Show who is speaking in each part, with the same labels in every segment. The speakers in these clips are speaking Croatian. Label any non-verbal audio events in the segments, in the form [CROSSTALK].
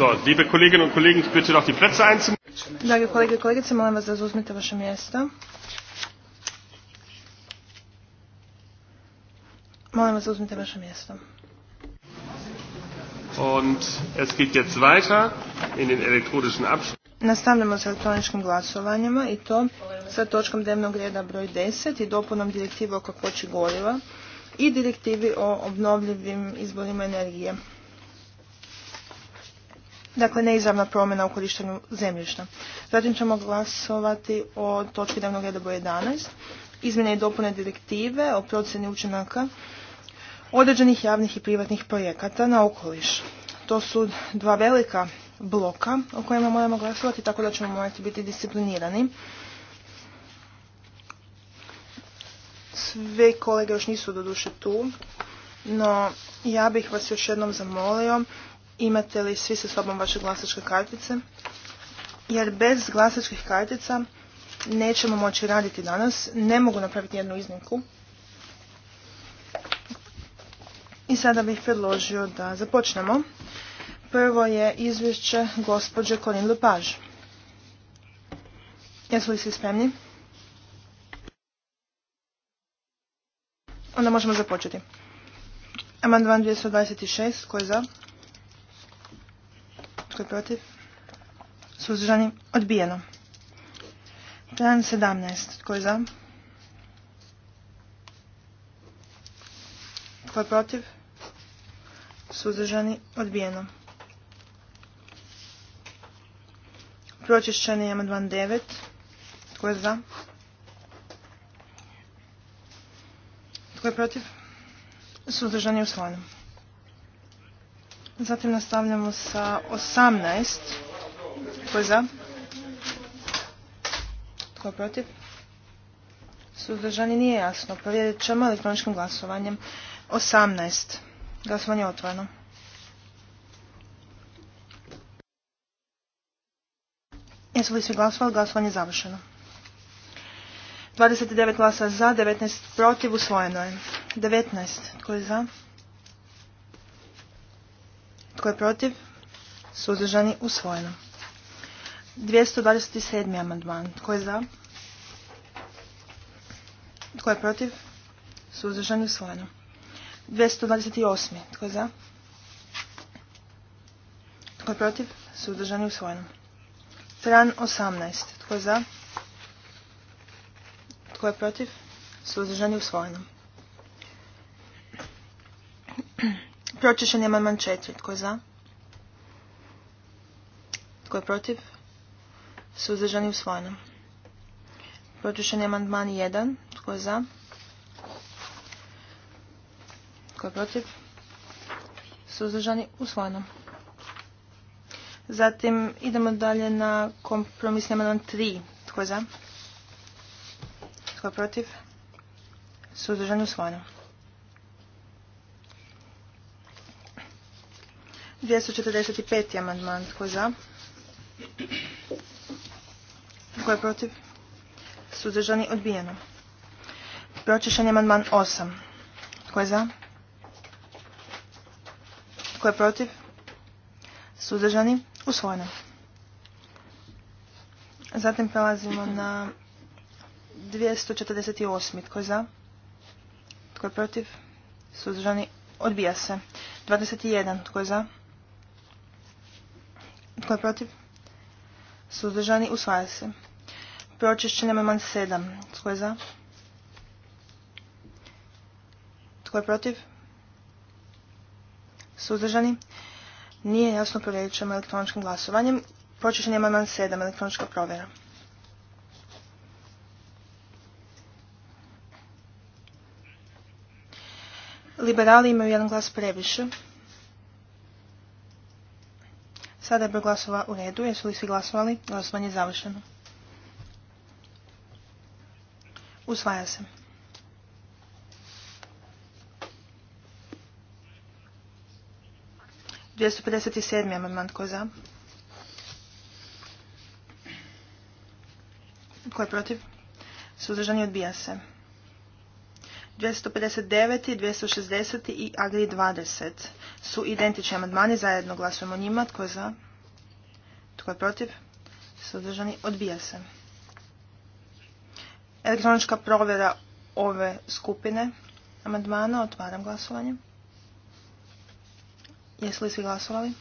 Speaker 1: So, liebe Kolleginnen und Kollegen, bitte noch die Plätze einzunehmen. kolege kolegice, molim vas da zauzmete vaše mjesta. Molim vas da uzmite vaše mjesto. Und es geht jetzt weiter in den elektronischen Nastavljamo s elektroničkim glasovanjima i to sa točkom dnevnog reda broj 10 i dopunom direktive o kakvoći goriva i direktivi o obnovljivim izborima energije. Dakle, neizravna promjena u korištenju zemljišta. Zatim ćemo glasovati o točki dnevnog reda broj 11. Izmjene i dopune direktive o procjeni učinaka određenih javnih i privatnih projekata na okoliš. To su dva velika bloka o kojima moramo glasovati, tako da ćemo morati biti disciplinirani. Sve kolege još nisu doduše tu, no ja bih vas još jednom zamolio Imate li svi sa sobom vaše glasačke kartice? Jer bez glasačkih kartica nećemo moći raditi danas. Ne mogu napraviti jednu iznimku. I sada bih predložio da započnemo. Prvo je izvješće gospođe Corinne Lepage. Jesu li svi spremni? Onda možemo započeti. Amandman 226, ko je za? Tko protiv? Suzdržani? Odbijeno. Plan 17. Tko je za? Tko je protiv? Suzdržani? Odbijeno. Pročišćeni je amandman 9. Tko je za? Tko je protiv? Suzdržani je Zatim nastavljamo sa osamnaest, Tko je za? Tko je protiv? Suzdržani nije jasno. Provjerit ćemo elektroničkim glasovanjem. Osamnaest, Glasovanje je otvoreno. Jesu li svi glasovali? Glasovanje je završeno. 29 glasa za, 19 protiv, usvojeno je. 19. Tko je za? Tko je protiv? Suzdržani usvojeno. 227. amandman. Tko je za? Tko je protiv? Suzdržani usvojeno. 228. Tko je za? Tko je protiv? Suzdržani usvojeno. Tran 18. Tko je za? Tko je protiv? Suzdržani usvojeno. Pročišen je amandman četiri, Tko je za? Tko je protiv? Suzdržani usvojeno. Pročišen je amandman jedan, Tko je za? Tko je protiv? Suzdržani usvojeno. Zatim idemo dalje na kompromisni amandman tri, Tko je za? Tko je protiv? Suzdržani usvojeno. 245. amandman. Tko je za? Tko je protiv? Suzdržani odbijeno. Pročišan je amandman 8. Tko je za? Tko je protiv? Suzdržani usvojeno. Zatim prelazimo na 248. Tko je za? Tko je protiv? Suzdržani odbija se. 21. Tko je za? Tko je protiv? Suzdržani usvaja se. Pročišćen amandman sedam. Tko je za? Tko je protiv? Suzdržani? Nije jasno provjerićemo elektroničkim glasovanjem. Pročišćen amandman sedam. Elektronička provjera. Liberali imaju jedan glas previše. Sada je broj glasova u redu. Jesu li svi glasovali? Glasovanje je završeno. Usvaja se. Dvjesto pedeset sedam amandman tko je za? Tko je protiv? Suzdržani odbija se. 259, 260 i Agri 20 su identični amandmani, zajedno glasujemo njima. Tko je za? Tko je protiv? Suzdržani odbija se. Elektronička provjera ove skupine amandmana. Otvaram glasovanje. Jesu li svi glasovali?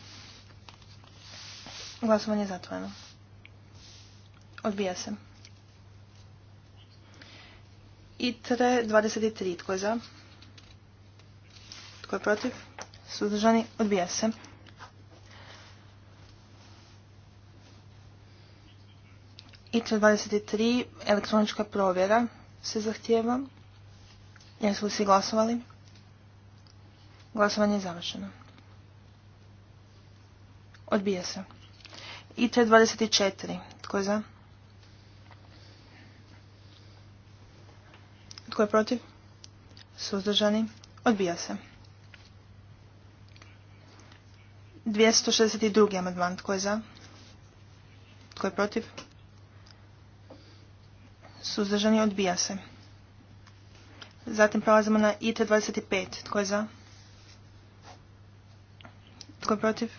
Speaker 1: Glasovanje je zatvoreno. Odbija se. ITRE 23. Tko je za? Tko je protiv? Suzdržani? Odbija se. ITRE 23. Elektronička provjera se zahtijeva. Jesu li svi glasovali? Glasovanje je završeno. Odbija se. ITRE 24. Tko je za? Tko je protiv? Suzdržani? Odbija se. 262. amandman. Tko je za? Tko je protiv? Suzdržani? Odbija se. Zatim prelazimo na IT 25. Tko je za? Tko je protiv?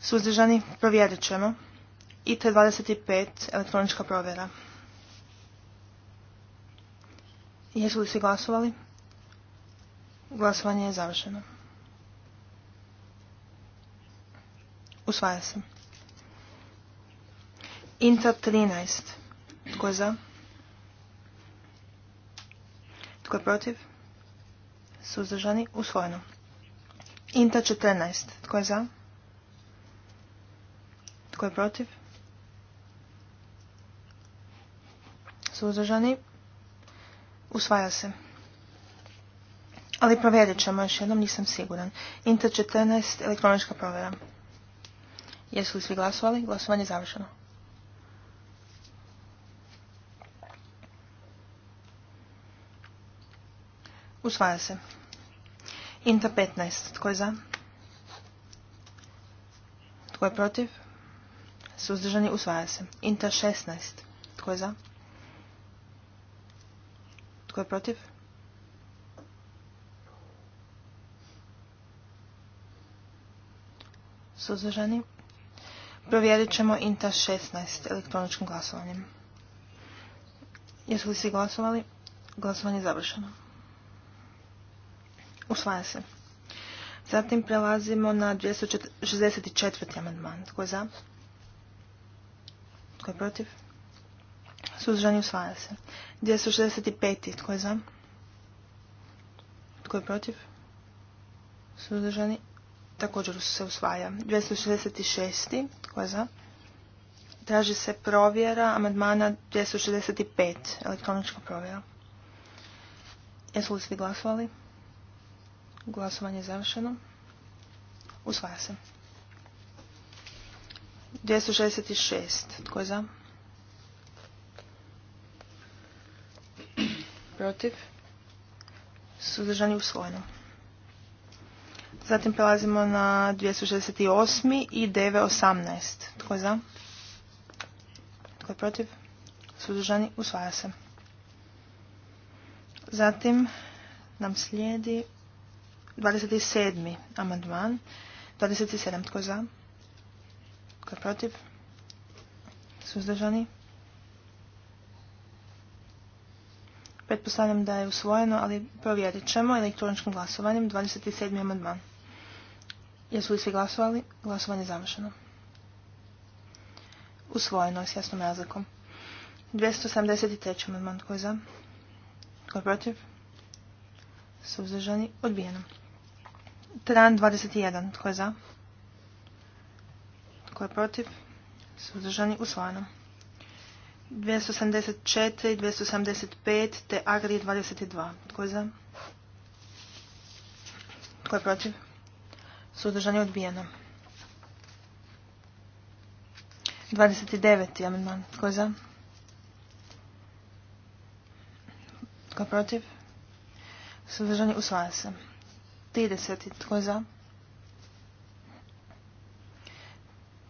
Speaker 1: Suzdržani? Provjerit ćemo. IT 25. Elektronička provjera. Jesu li svi glasovali? Glasovanje je završeno. Usvaja se. Inta 13. Tko je za? Tko je protiv? Suzdržani? Usvojeno. Inta 14. Tko je za? Tko je protiv? Suzdržani? Usvaja se. Ali provjerit ćemo još jednom, nisam siguran. Inter 14, elektronička provjera. Jesu li svi glasovali? Glasovanje je završeno. Usvaja se. Inter 15. Tko je za? Tko je protiv? Suzdržani usvaja se. Inter 16. Tko je za? Tko je protiv? Suzdržani? Provjerit ćemo INTA 16 elektroničkim glasovanjem. Jesu li svi glasovali? Glasovanje je završeno. Usvaja se. Zatim prelazimo na 264. amandman. Tko je za? Tko je protiv? Suzdržani usvaja se. 265. Tko je za? Tko je protiv? Suzdržani. Također se usvaja. 266. Tko je za? Traži se provjera amandmana 265. Elektronička provjera. Jesu li svi glasovali? Glasovanje je završeno. Usvaja se. 266. Tko je za? protiv, suzdržani usvojeno. Zatim prelazimo na 268. i 918. Tko je za? Tko je protiv? Suzdržani usvaja se. Zatim nam slijedi 27. amandman. 27. Tko je za? Tko je protiv? Suzdržani Pretpostavljam da je usvojeno, ali provjerit ćemo elektroničkim glasovanjem 27. amandman. Jesu li svi glasovali? Glasovanje je završeno. Usvojeno je s jasnom razlikom. 273. amandman. Tko je za? Tko je protiv? Suzdržani? Odbijeno. Tran 21. Tko je za? Tko je protiv? Suzdržani? Usvojeno. 284, 285 te Agri 22. Tko je za? Tko je protiv? Sudržanje odbijeno. 29. amendman. Tko je za? Tko je protiv? Sudržanje usvaja se. 30. Tko je za?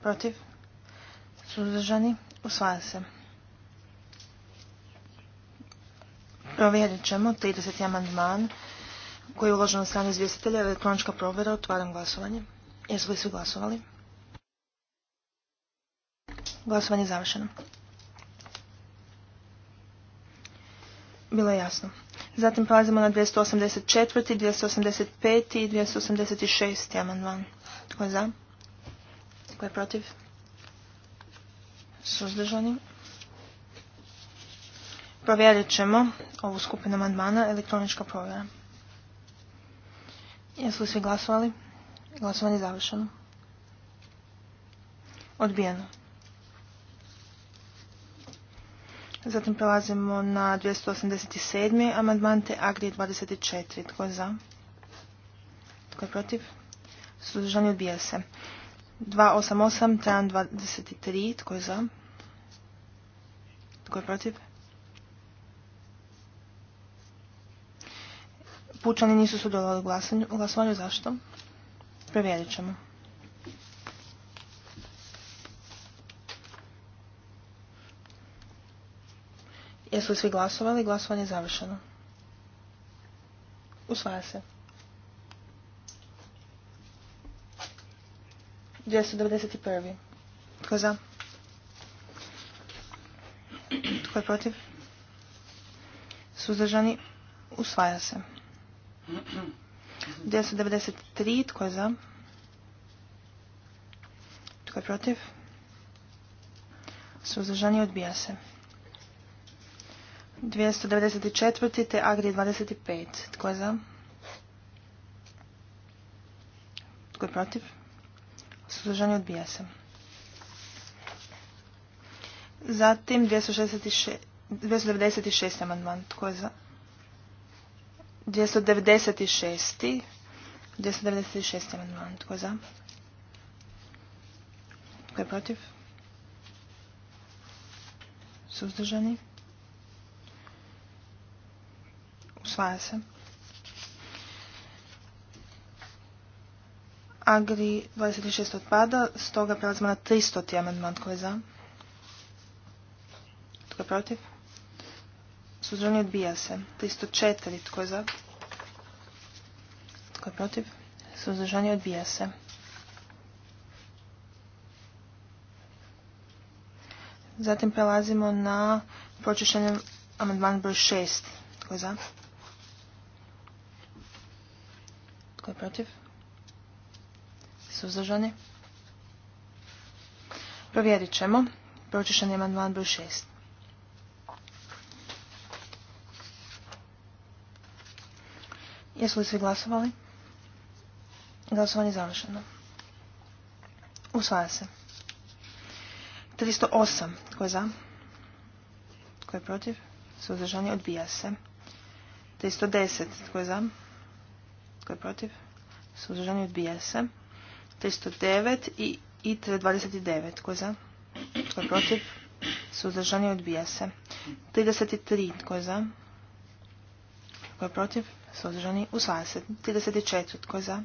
Speaker 1: Protiv? Sudržani usvaja se. Provjerit ćemo 30. amandman koji je uložen od strane izvjestitelja elektronička provjera. Otvaram glasovanje. Jesu li svi glasovali? Glasovanje je završeno. Bilo je jasno. Zatim prelazimo na 284., 285. i 286. amandman. Tko je za? Tko je protiv? Suzdržani? Provjerit ćemo ovu skupinu amandmana elektronička provjera. Jesu li svi glasovali? Glasovanje je završeno. Odbijeno. Zatim prelazimo na 287. amandman te dvadeset 24. Tko je za? Tko je protiv? Suzdržani odbija se. 288. Tran 23. Tko je za? Tko je protiv? pučani nisu sudjelovali u glasovanju. Zašto? Provjerit ćemo. Jesu li svi glasovali? Glasovanje je završeno. Usvaja se. 291. Tko je za? Tko je protiv? Suzdržani? Usvaja se. 293. Tko je za? Tko je protiv? Suzdržani odbija se. 294. te Agri 25. Tko je za? Tko je protiv? Suzdržani odbija se. Zatim 296, 296. amandman. Tko je za? 296. 296. amandman. Tko je za? Tko je protiv? Suzdržani? Usvaja se. Agri 26 odpada, stoga prelazimo na 300. amandman. Tko je za? Tko je protiv? Suzdržani odbija se. 304. Tko je za? Tko je protiv? Suzdržani odbija se. Zatim prelazimo na pročišćenje amandman broj šest, Tko je za? Tko je protiv? Suzdržani? Provjerit ćemo. Pročišćenje amandman broj šest. Jesu li svi glasovali? Glasovanje je završeno. Usvaja se. 308. Tko je za? Tko je protiv? Suzdržani odbija se. 310. Tko je za? Tko je protiv? Suzdržani odbija se. 309 i ITRE 29. Tko je za? Tko je protiv? Suzdržani odbija se. 33. Tko je za? Tko je protiv? suzdržani, usvaja se. 34. Tko je za?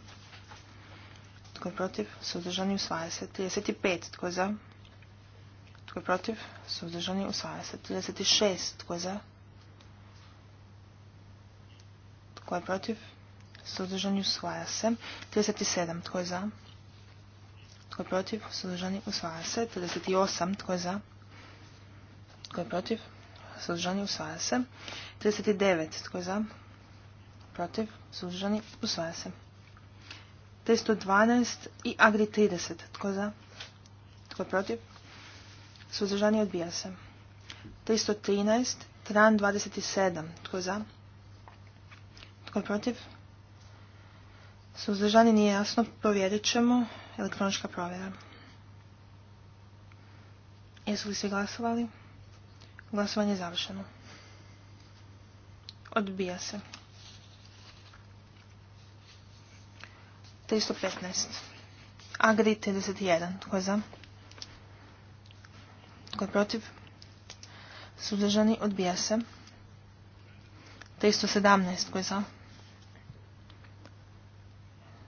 Speaker 1: Tko je protiv? Suzdržani, usvaja se. 35. Tko je za? Tko je protiv? Suzdržani, usvaja se. 36. Tko je za? Tko je protiv? Suzdržani, usvaja se. 37. Tko je za? Tko je protiv? Suzdržani, usvaja se. 38. Tko je za? Tko je protiv? Suzdržani, usvaja se. 39. Tko je za? protiv, suzdržani, usvaja se. 312 i Agri 30. Tko za? Tko protiv? Suzdržani odbija se. 313, Tran 27. Tko za? Tko protiv? Suzdržani nije jasno. Provjerit ćemo. Elektronička provjera. Jesu li svi glasovali? Glasovanje je završeno. Odbija se. 315. Agri 31. Tko je za? Tko je protiv? Suzdržani odbija se. 317. Tko je za?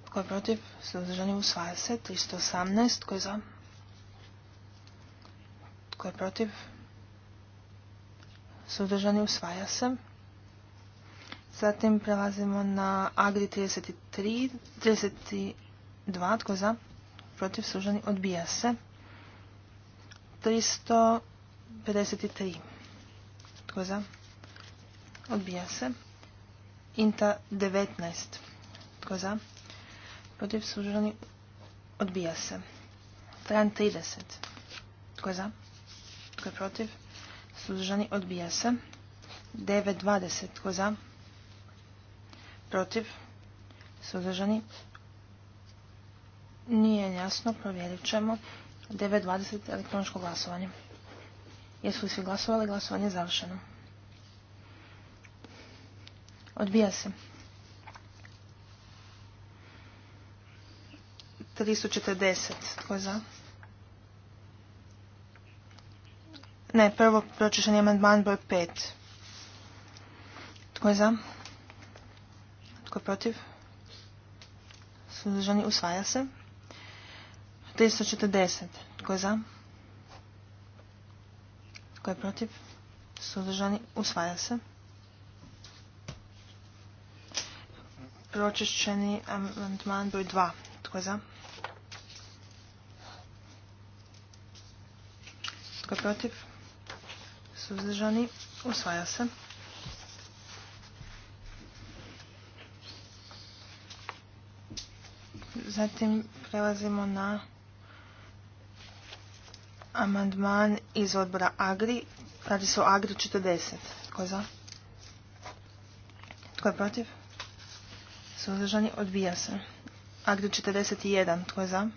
Speaker 1: Tko je protiv? Suzdržani usvaja se. 318. Tko je za? Tko je protiv? Suzdržani usvaja se. Zatim prelazimo na Agri 33, 32, tko za, protiv suženi odbija se. 353, tko za, odbija se. Inta 19, tko za, protiv suženi odbija se. Tran 30, tko za, tko je protiv, Suženi odbija se. 920, tko za, protiv, suzdržani. Nije jasno, provjerit ćemo. 9.20 elektroničko glasovanje. Jesu li svi glasovali? Glasovanje je završeno. Odbija se. 340. Tko je za? Ne, prvo pročišen je amandman broj 5. Tko je za? Tko protiv? Suzdržani usvaja se. 340. Tko je za? Tko je protiv? Suzdržani usvaja se. Pročišćeni amandman broj 2. Tko je za? Tko je protiv? Suzdržani usvaja se. Zatim prelazimo na amandman iz odbora Agri. Radi se o Agri 40. Tko je za? Tko je protiv? Suzdržani odbija se. Agri 41. Tko je za?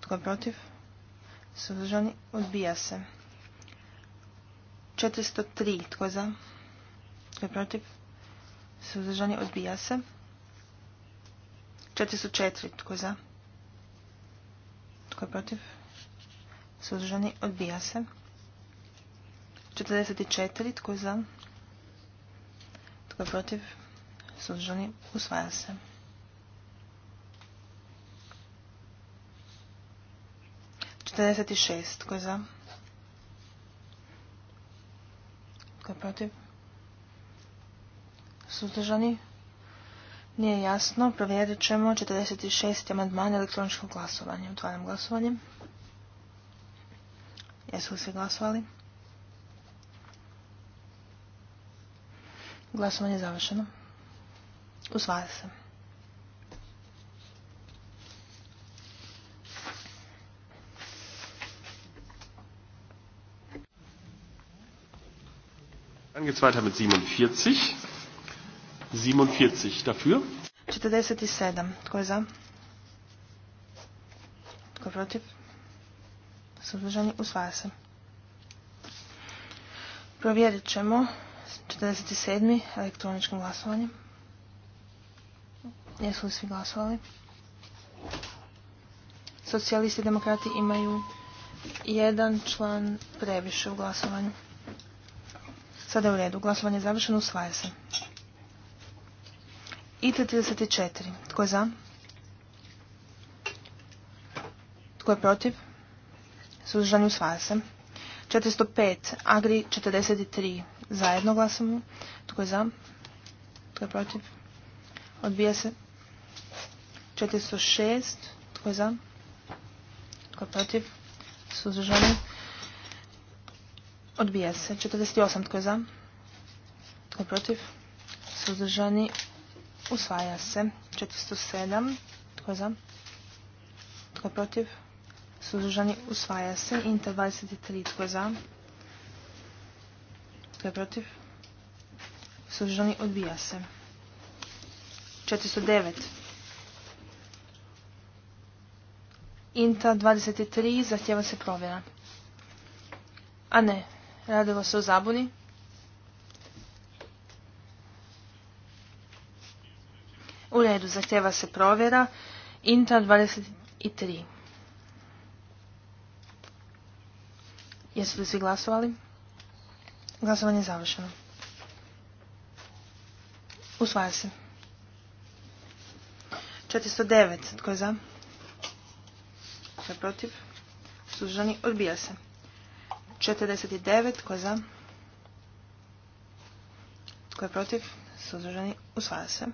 Speaker 1: Tko je protiv? Suzdržani odbija se. 403. Tko je za? Tko je protiv? Suzdržani odbija se. 404. Tko je za? Tko je protiv? Suzdržani. Odbija se. 44. Tko je za? Tko je protiv? Suzdržani. Usvaja se. Četrdeset šest. Tko je za? Tko je protiv? Suzdržani. Nije jasno, provjerit ćemo 46. amandman elektroničkog glasovanja. Otvaram glasovanje. Jesu li svi glasovali? Glasovanje je završeno. Usvaja se. Dann weiter mit 47. 47 dafür. 47. Tko je za? Tko je protiv? Suzdržani usvaja se. Provjerit ćemo 47. elektroničkim glasovanjem. Jesu li svi glasovali? Socijalisti i demokrati imaju jedan član previše u glasovanju. Sada je u redu. Glasovanje je završeno. Usvaja se. I 34. Tko je za? Tko je protiv? Suzdržani usvaja se. 405. Agri 43. Zajedno glasamo. Tko je za? Tko je protiv? Odbija se. 406. Tko je za? Tko je protiv? Suzdržani. Odbija se. 48. Tko je za? Tko je protiv? Suzdržani. Usvaja se. 407. Tko je za? Tko je protiv? Suzdržani. Usvaja se. Inta 23. Tko je za? Tko je protiv? Suzdržani. Odbija se. 409. Inta 23. Zahtjeva se provjera. A ne. Radilo se o zabuni. redu, zahtjeva se provjera. Inta 23. Jesu li svi glasovali? Glasovanje je završeno. Usvaja se. 409. Tko je za? Tko je protiv? Suzdržani odbija se. 49. Tko je za? Tko je protiv? Suzdržani usvaja se.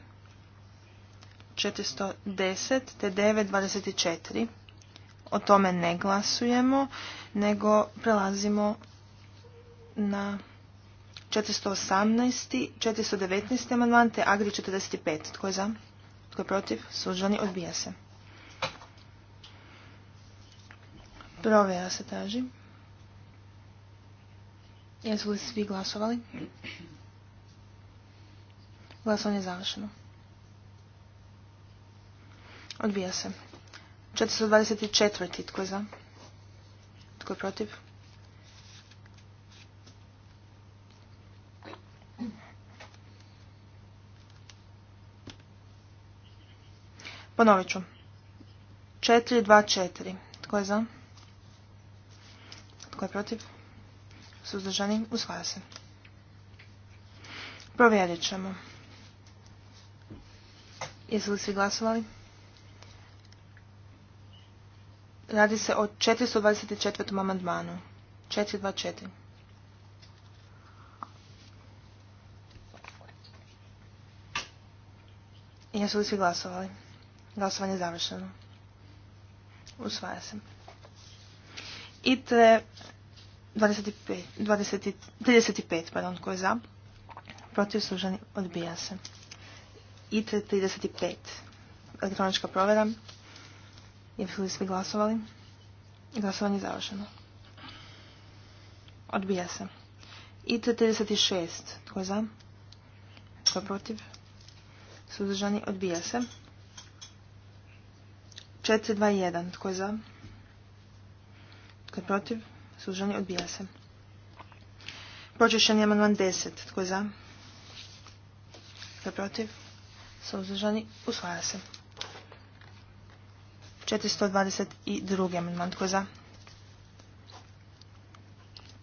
Speaker 1: 410 te 924. O tome ne glasujemo, nego prelazimo na 418. 419. amandman te Agri 45. Tko je za? Tko je protiv? Suđani odbija se. Provjera se traži. Jesu li svi glasovali? Glasovanje je završeno. Odbija se. 424. Tko je za? Tko je protiv? Ponovit ću. 424. Tko je za? Tko je protiv? Suzdržani. Usvaja se. Provjerit ćemo. Jesu li svi glasovali? Radi se o 424. amandmanu. 424. Jesu li svi glasovali? Glasovanje je završeno. Usvaja se. I tre 25, 35, pardon, ko je za? Protiv služeni odbija se. I tre 35. Elektronička provjera. Jesu li svi glasovali? Glasovanje je završeno. Odbija se. I 36. Tko je za? Tko je protiv? Suzdržani odbija se. 421. Tko je za? Tko je protiv? Suzdržani odbija se. Pročišćen je amandman 10. Tko je za? Tko je protiv? Suzdržani usvaja se. 422. amendman. Tko je za?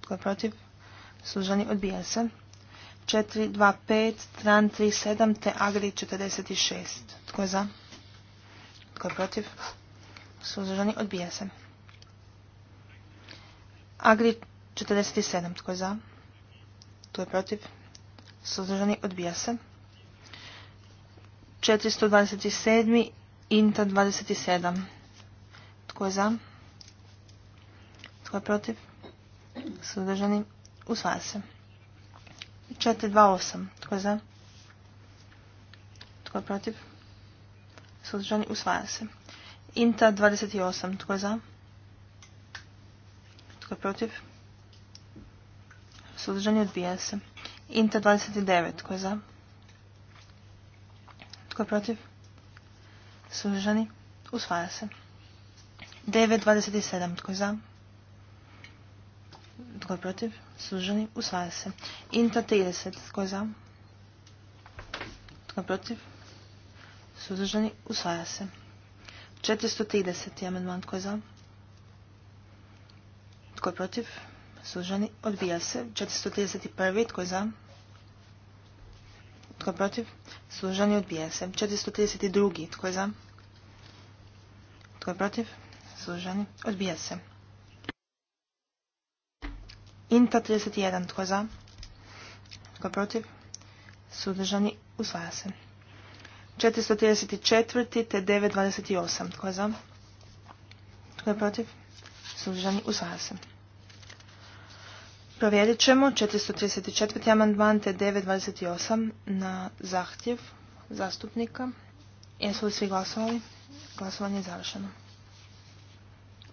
Speaker 1: Tko je protiv? Služani odbija se. 425, tran 37 te agri 46. Tko je za? Tko je protiv? Služani odbija se. Agri 47. Tko je za? Tko je protiv? Služani odbija se. 427. Inta 27. Tko je za? Tko je protiv? Sudržani? Usvaja se. 428. Tko je za? Tko je protiv? Sudržani, Usvaja se. Inta 28. Tko je za? Tko je protiv? Sudržani, Odbija se. Inta 29. Tko je za? Tko je protiv? Sudržani? Usvaja se. 9.27. Tko je za? Tko je protiv? Suženi. Usvaja se. Inta 30. Tko je za? Tko je protiv? Suzdržani. Usvaja se. 430. amendman, Tko je za? Tko je protiv? Služeni, Odbija se. 431. Tko je za? Tko je protiv? Suzdržani. Odbija se. 432. Tko je za? Tko je protiv? suzdržani? Odbija se. Inta 31. Tko za? Tko protiv? Suzdržani? Usvaja se. 434. te 928. Tko za? Tko je protiv? Suzdržani? Usvaja se. Provjerit ćemo 434. amandman te 928 na zahtjev zastupnika. Jesu li svi glasovali? Glasovanje je završeno.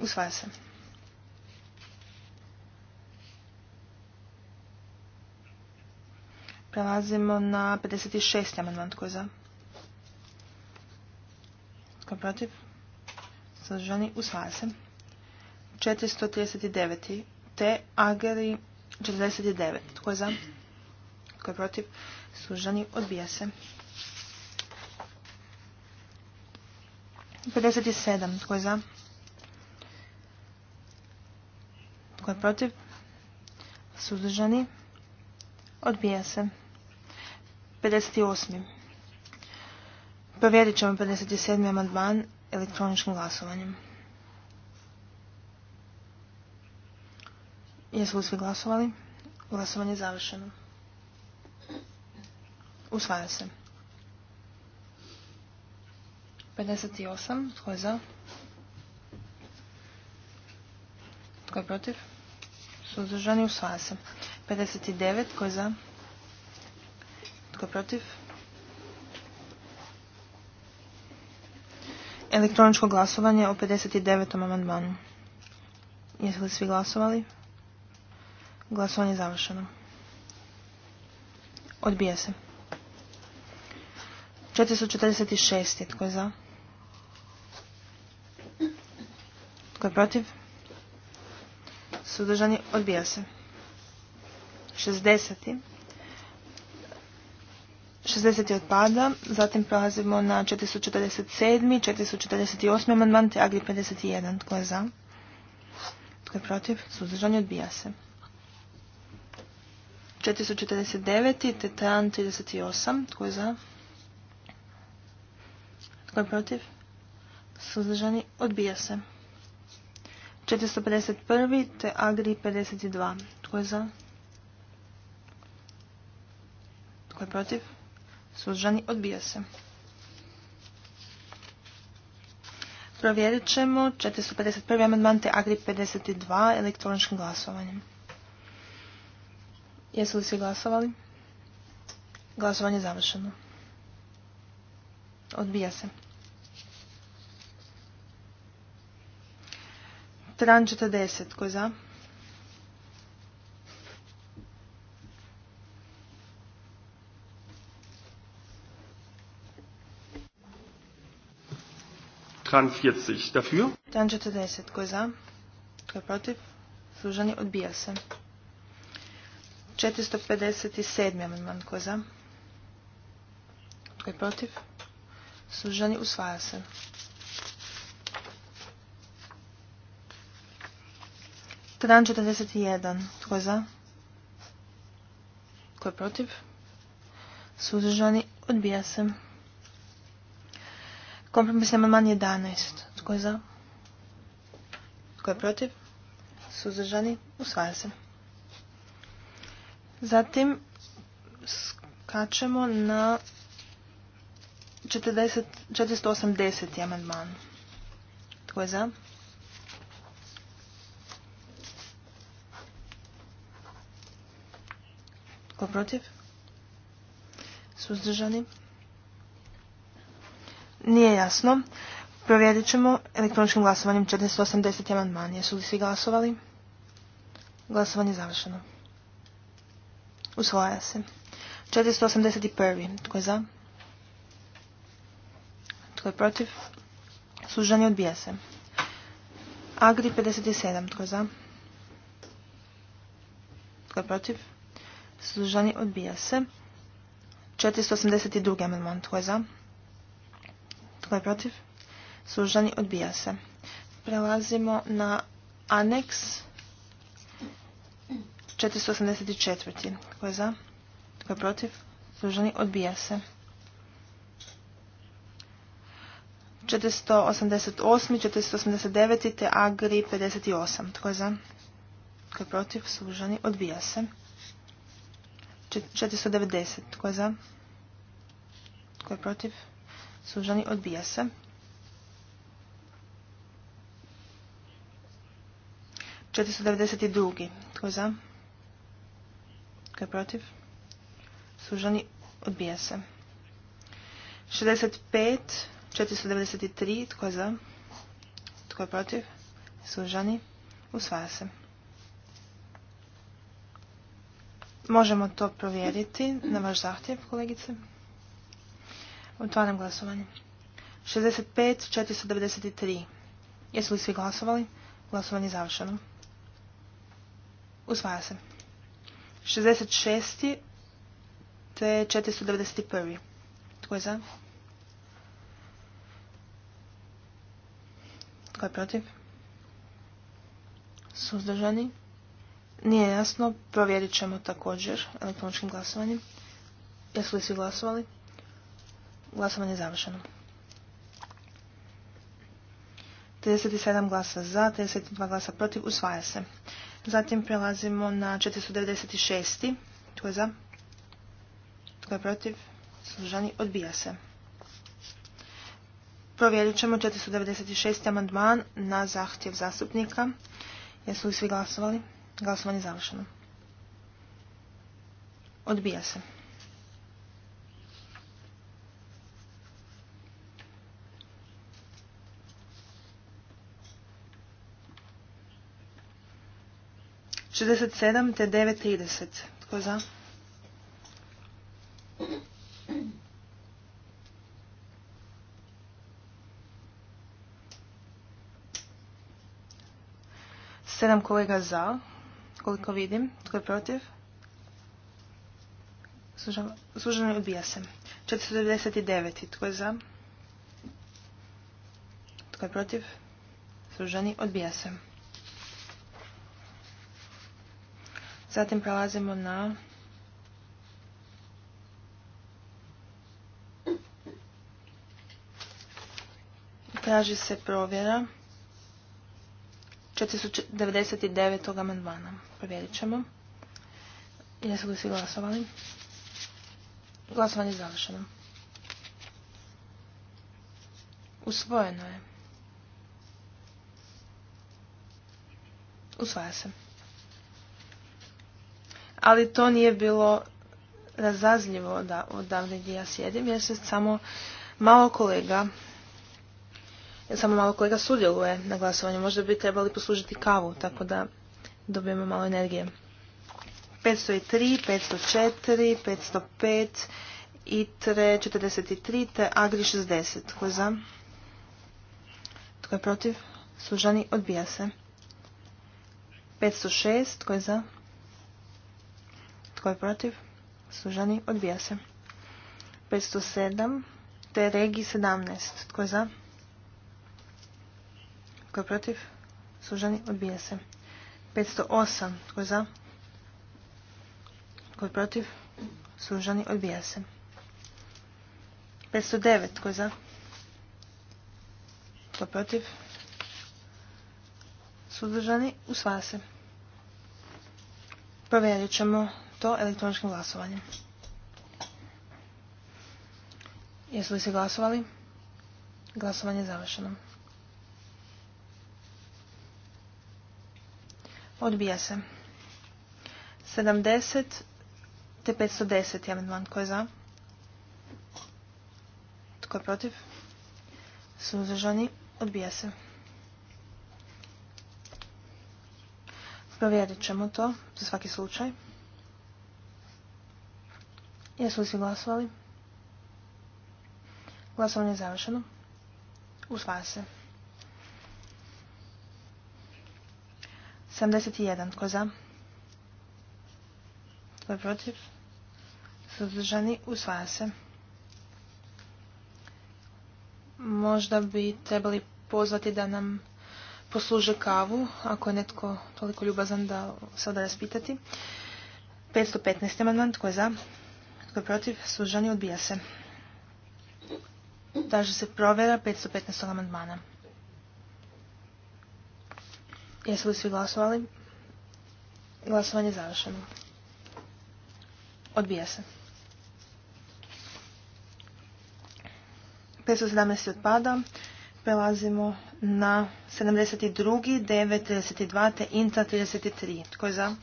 Speaker 1: Usvaja se. Prelazimo na 56. amandman. Tko je za? Tko je protiv? Sadržani. Usvaja se. 439. Te Ageri 49. Tko je za? Tko je protiv? Suzdržani. Odbija se. 57. Tko je za? Tko je protiv? Suzdržani? Odbija se. 58. Provjerit ćemo 57. amandman elektroničkim glasovanjem. Jesu li svi glasovali? Glasovanje je završeno. Usvaja se. 58. Tko je za? Tko je protiv? Suzdržani usvaja se. 59 tko je za? Tko je protiv? Elektroničko glasovanje o 59. amandmanu. Jesu li svi glasovali? Glasovanje je završeno. Odbija se. 446. Tko je za? Tko je protiv? suzdržani, odbija se. 60. 60. odpada, zatim prelazimo na 447. 448. amandman te Agri 51. Tko je za? Tko je protiv? Suzdržani odbija se. 449. te Tran 38. Tko je za? Tko je protiv? Suzdržani odbija se. 451. te Agri 52. Tko je za? Tko je protiv? Suzdržani odbija se. Provjerit ćemo 451. amandman te Agri 52 elektroničkim glasovanjem. Jesu li svi glasovali? Glasovanje je završeno. Odbija se. Tran 40, tko je za? Tran 40, dafür? Tran 40, tko je za? Tko je protiv? Služani odbija se. 457. amandman, tko je za? Tko je protiv? Služani usvaja se. Tran 41. Tko je za? Tko je protiv? Suzdržani. Odbija se. Kompromisni amandman 11. Tko je za? Tko je protiv? Suzdržani. Usvaja se. Zatim skačemo na 480. amandman. Tko je za? Tko protiv? Suzdržani? Nije jasno. Provjerit ćemo elektroničkim glasovanjem 480 amandman. Jesu li svi glasovali? Glasovanje je završeno. Usvaja se. 481. Tko je za? Tko je protiv? Suzdržani odbija se. Agri 57. Tko je za? Tko je protiv? Suzdržani odbija se. 482. amandman. Tko je za? Tko je protiv? Suzdržani odbija se. Prelazimo na aneks 484. Tko je za? Tko je protiv? Suzdržani odbija se. 488, 489, te Agri 58. Tko je za? Tko je protiv? Suzdržani odbija se. 490. Tko je za? Tko je protiv? Sužani odbija se. 492. Tko je za? Tko je protiv? Sužani odbija se. pet 65. tri. Tko je za? Tko je protiv? Sužani usvaja se. Možemo to provjeriti na vaš zahtjev, kolegice. Otvaram glasovanje. 65, 493. Jesu li svi glasovali? Glasovanje je završeno. Usvaja se. 66. te 491. Tko je za? Tko je protiv? Suzdržani? Nije jasno, provjerit ćemo također elektroničkim glasovanjem. Jesu li svi glasovali? Glasovanje je završeno. 37 glasa za, 32 glasa protiv, usvaja se. Zatim prelazimo na 496. Tko je za? Tko je protiv? Služani odbija se. Provjerit ćemo 496. amandman na zahtjev zastupnika. Jesu li svi glasovali? Glasovanje završeno. Odbija se. Šedeset sedam te devet trideset. Tko za? Sedam kolega za koliko vidim. Tko je protiv? Služeno odbija se. 499. Tko je za? Tko je protiv? Služeni odbija se. Zatim prelazimo na... Traži se provjera. 499. amandmana. Provjerit ćemo. Jesu li svi glasovali? Glasovanje je završeno. Usvojeno je. Usvaja se. Ali to nije bilo razazljivo da odavde gdje ja sjedim, jer se samo malo kolega samo malo kolega sudjeluje na glasovanju. Možda bi trebali poslužiti kavu, tako da dobijemo malo energije. 503, 504, 505, ITRE 43, te AGRI 60. Tko je za? Tko je protiv? Služani, odbija se. 506. Tko je za? Tko je protiv? Služani, odbija se. 507. Te regi 17. Tko je za? Tko je protiv? Sužani odbija se. 508. Tko je za? Tko je protiv? Sužani odbija se. 509. Tko je za? Tko je protiv? Suzdržani usvaja se. Provjerit ćemo to elektroničkim glasovanjem. Jesu li se glasovali? Glasovanje je završeno. Odbija se. 70 te 510 amandman. Tko je za? Tko je protiv? Suzdržani. Odbija se. Provjerit ćemo to za svaki slučaj. Jesu li svi glasovali? Glasovanje je završeno. Usvaja se. 71. Tko je za? Tko je protiv? Suzdržani usvaja se. Možda bi trebali pozvati da nam posluže kavu, ako je netko toliko ljubazan da sada raspitati. 515. amandman, tko je za? Tko je protiv? Suzdržani odbija se. Daže se provjera 515. amandmana. Jesu li svi glasovali? Glasovanje je završeno. Odbija se. 517. odpada. Prelazimo na 72. 9. 32. te INTA 33. Tko je za?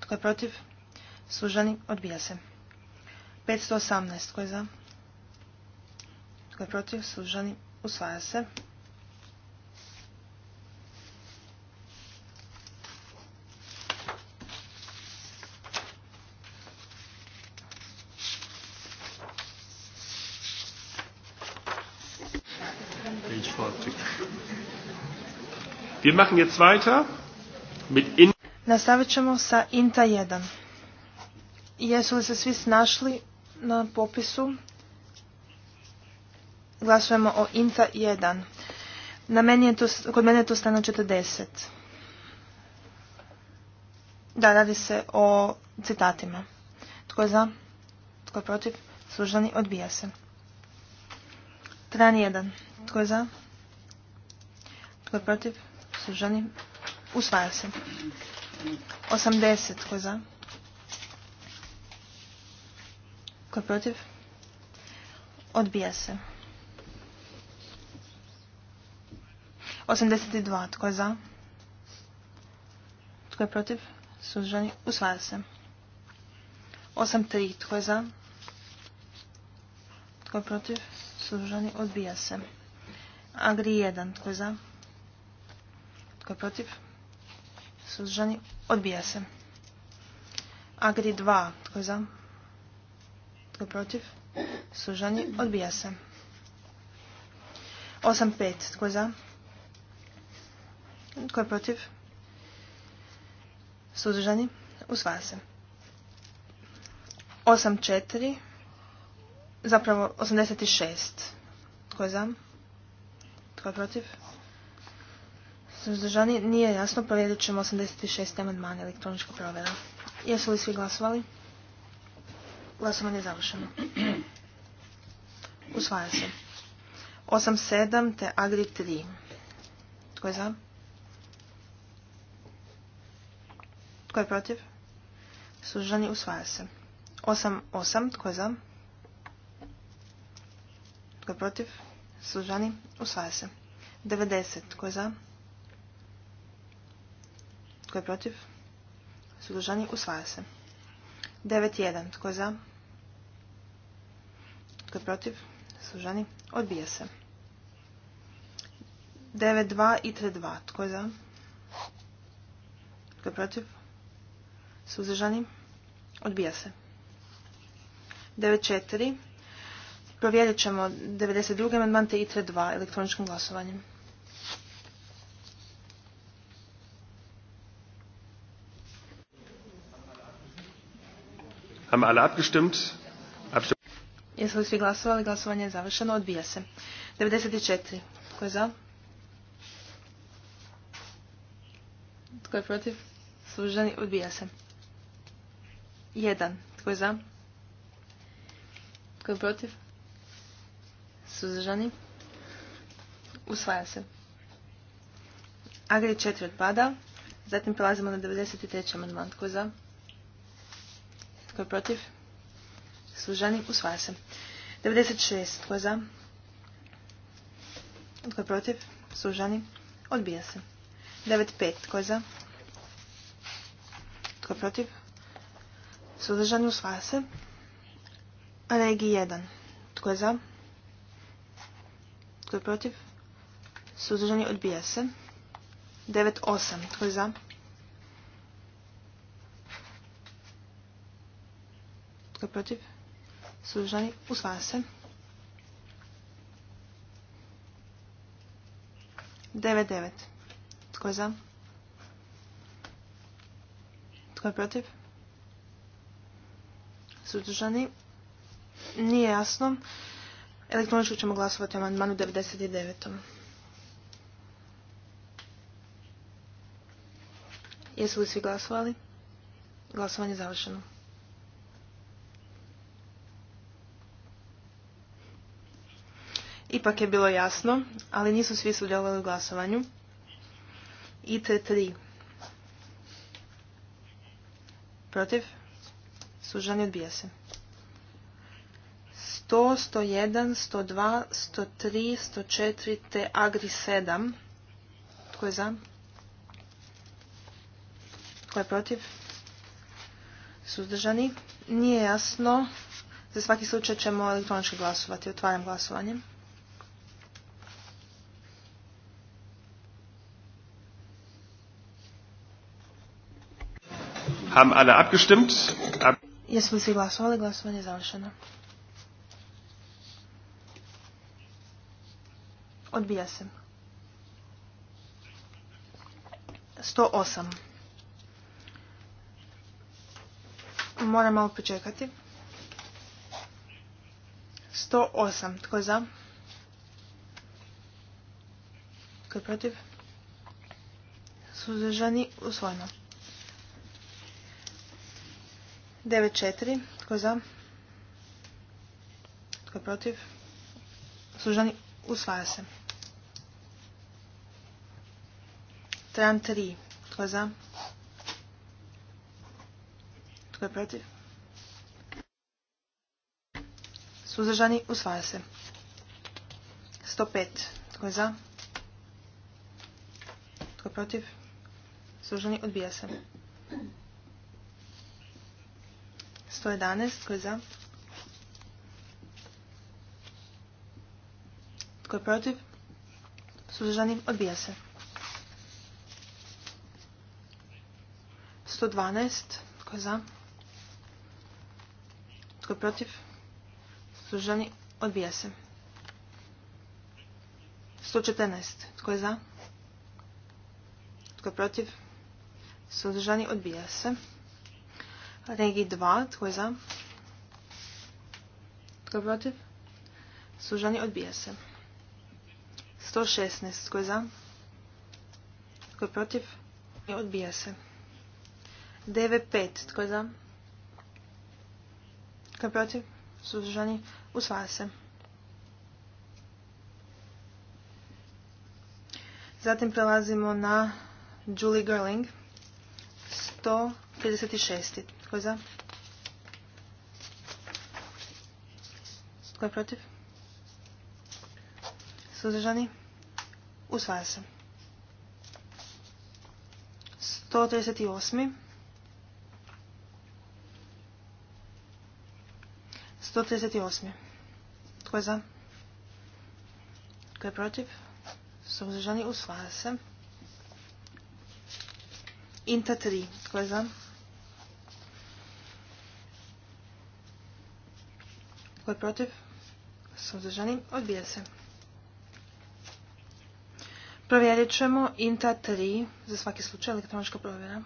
Speaker 1: Tko je protiv? Služani. Odbija se. 518. Tko je za? Tko je protiv? Služani. Usvaja se.
Speaker 2: Wir machen jetzt weiter mit in
Speaker 1: Nastavit ćemo sa INTA 1. Jesu li se svi snašli na popisu? Glasujemo o INTA 1. Na meni je to, kod mene je to stano 40. Da, radi se o citatima. Tko je za? Tko je protiv? Služani odbija se. Tran 1. Tko je za? Tko je protiv? sužani. Usvaja se. 80 ko je za. Ko je protiv? Odbija se. 82. Tko je za? Tko je protiv? Suzdržani. Usvaja se. 83. Tko je za? Tko je protiv? Suzdržani. Odbija se. Agri 1. Tko je za? Tko je protiv? Suzdržani? Odbija se. Agri 2. Tko je za? Tko je protiv? Suzdržani? Odbija se. 8.5. Tko je za? Tko je protiv? Suzdržani? Usvaja se. 8.4. Zapravo 86. Tko je za? Tko je protiv? Suzdržani nije jasno, provjerit ćemo 86. amandmana elektronička provjera. Jesu li svi glasovali? Glasovanje je završeno. [CLEARS THROAT] Usvaja se. 8.7 te Agri 3. Tko je za? Tko je protiv? Suzdržani usvaja se. 8.8. Tko je za? Tko je protiv? Suzdržani usvaja se. 90. Tko je za? Tko je protiv? Suzdržani usvaja se. 9.1. Tko je za? Tko je protiv? Suzdržani odbija se. 9.2 i 3.2. Tko je za? Tko je protiv? Suzdržani odbija se. 9.4. Provjerit ćemo 92. amandman i 3.2. elektroničkim glasovanjem. Haben alle abgestimmt? Jesu li svi glasovali? Glasovanje je završeno. Odbija se. 94. Tko je za? Tko je protiv? Služeni. Odbija se. 1. Tko je za? Tko je protiv? Suzdržani. Usvaja se. Agri 4 odpada. Zatim prelazimo na 93. amandman. Tko je za? Tko je protiv? Služani usvaja se. 96. Tko je za? Tko je protiv? Služani odbija se. 95. Tko je za? Tko je protiv? Suzdržani usvaja se. Regi 1. Tko je za? Tko je protiv? Suzdržani odbija se. 9.8. Tko je za? Tko je protiv? Suzdržani? Usvaja se. devet devet Tko je za? Tko je protiv? Suzdržani? Nije jasno. Elektronički ćemo glasovati o manu 99. Jesu li svi glasovali? Glasovanje je završeno. Ipak je bilo jasno, ali nisu svi sudjelovali u glasovanju. IT3. Protiv? Sužani odbija se. 100, 101, 102, 103, 104 te Agri 7. Tko je za? Tko je protiv? Suzdržani. Nije jasno. Za svaki slučaj ćemo elektronički glasovati. Otvaram glasovanje.
Speaker 2: Haben alle abgestimmt? Ab
Speaker 1: Jesmo svi glasovali, glasovanje je završeno. Odbija se. 108. Moram malo počekati. 108. Tko je za? Tko je protiv? Suzdržani usvojeno. 9-4. Tko je za? Tko je protiv? Služani usvaja se. Tran 3. Tko je za? Tko je protiv? Suzdržani usvaja se. 105. Tko je za? Tko je protiv? Suzdržani odbija se. 111. Tko je za? Tko je protiv? Suzdržani? Odbija se. 112. Tko je za? Tko je protiv? Suzdržani? Odbija se. 114. Tko je za? Tko je protiv? Suzdržani? Odbija se. Regi 2, tko je za? Tko je protiv? Sužani odbija se. 116, tko je za? Tko je protiv? odbija se. DV5, tko je za? Tko je protiv? Sužani usvaja se. Zatim prelazimo na Julie Gerling 136. Tko je za? Tko je protiv? Suzdržani? Usvaja se. 138. 138. Tko je za? Tko je protiv? Suzdržani usvaja se. Inta 3. Tko je za? Tko je protiv? Suzdržani. Odbija se. Provjerit ćemo INTA 3 za svaki slučaj elektronička provjera.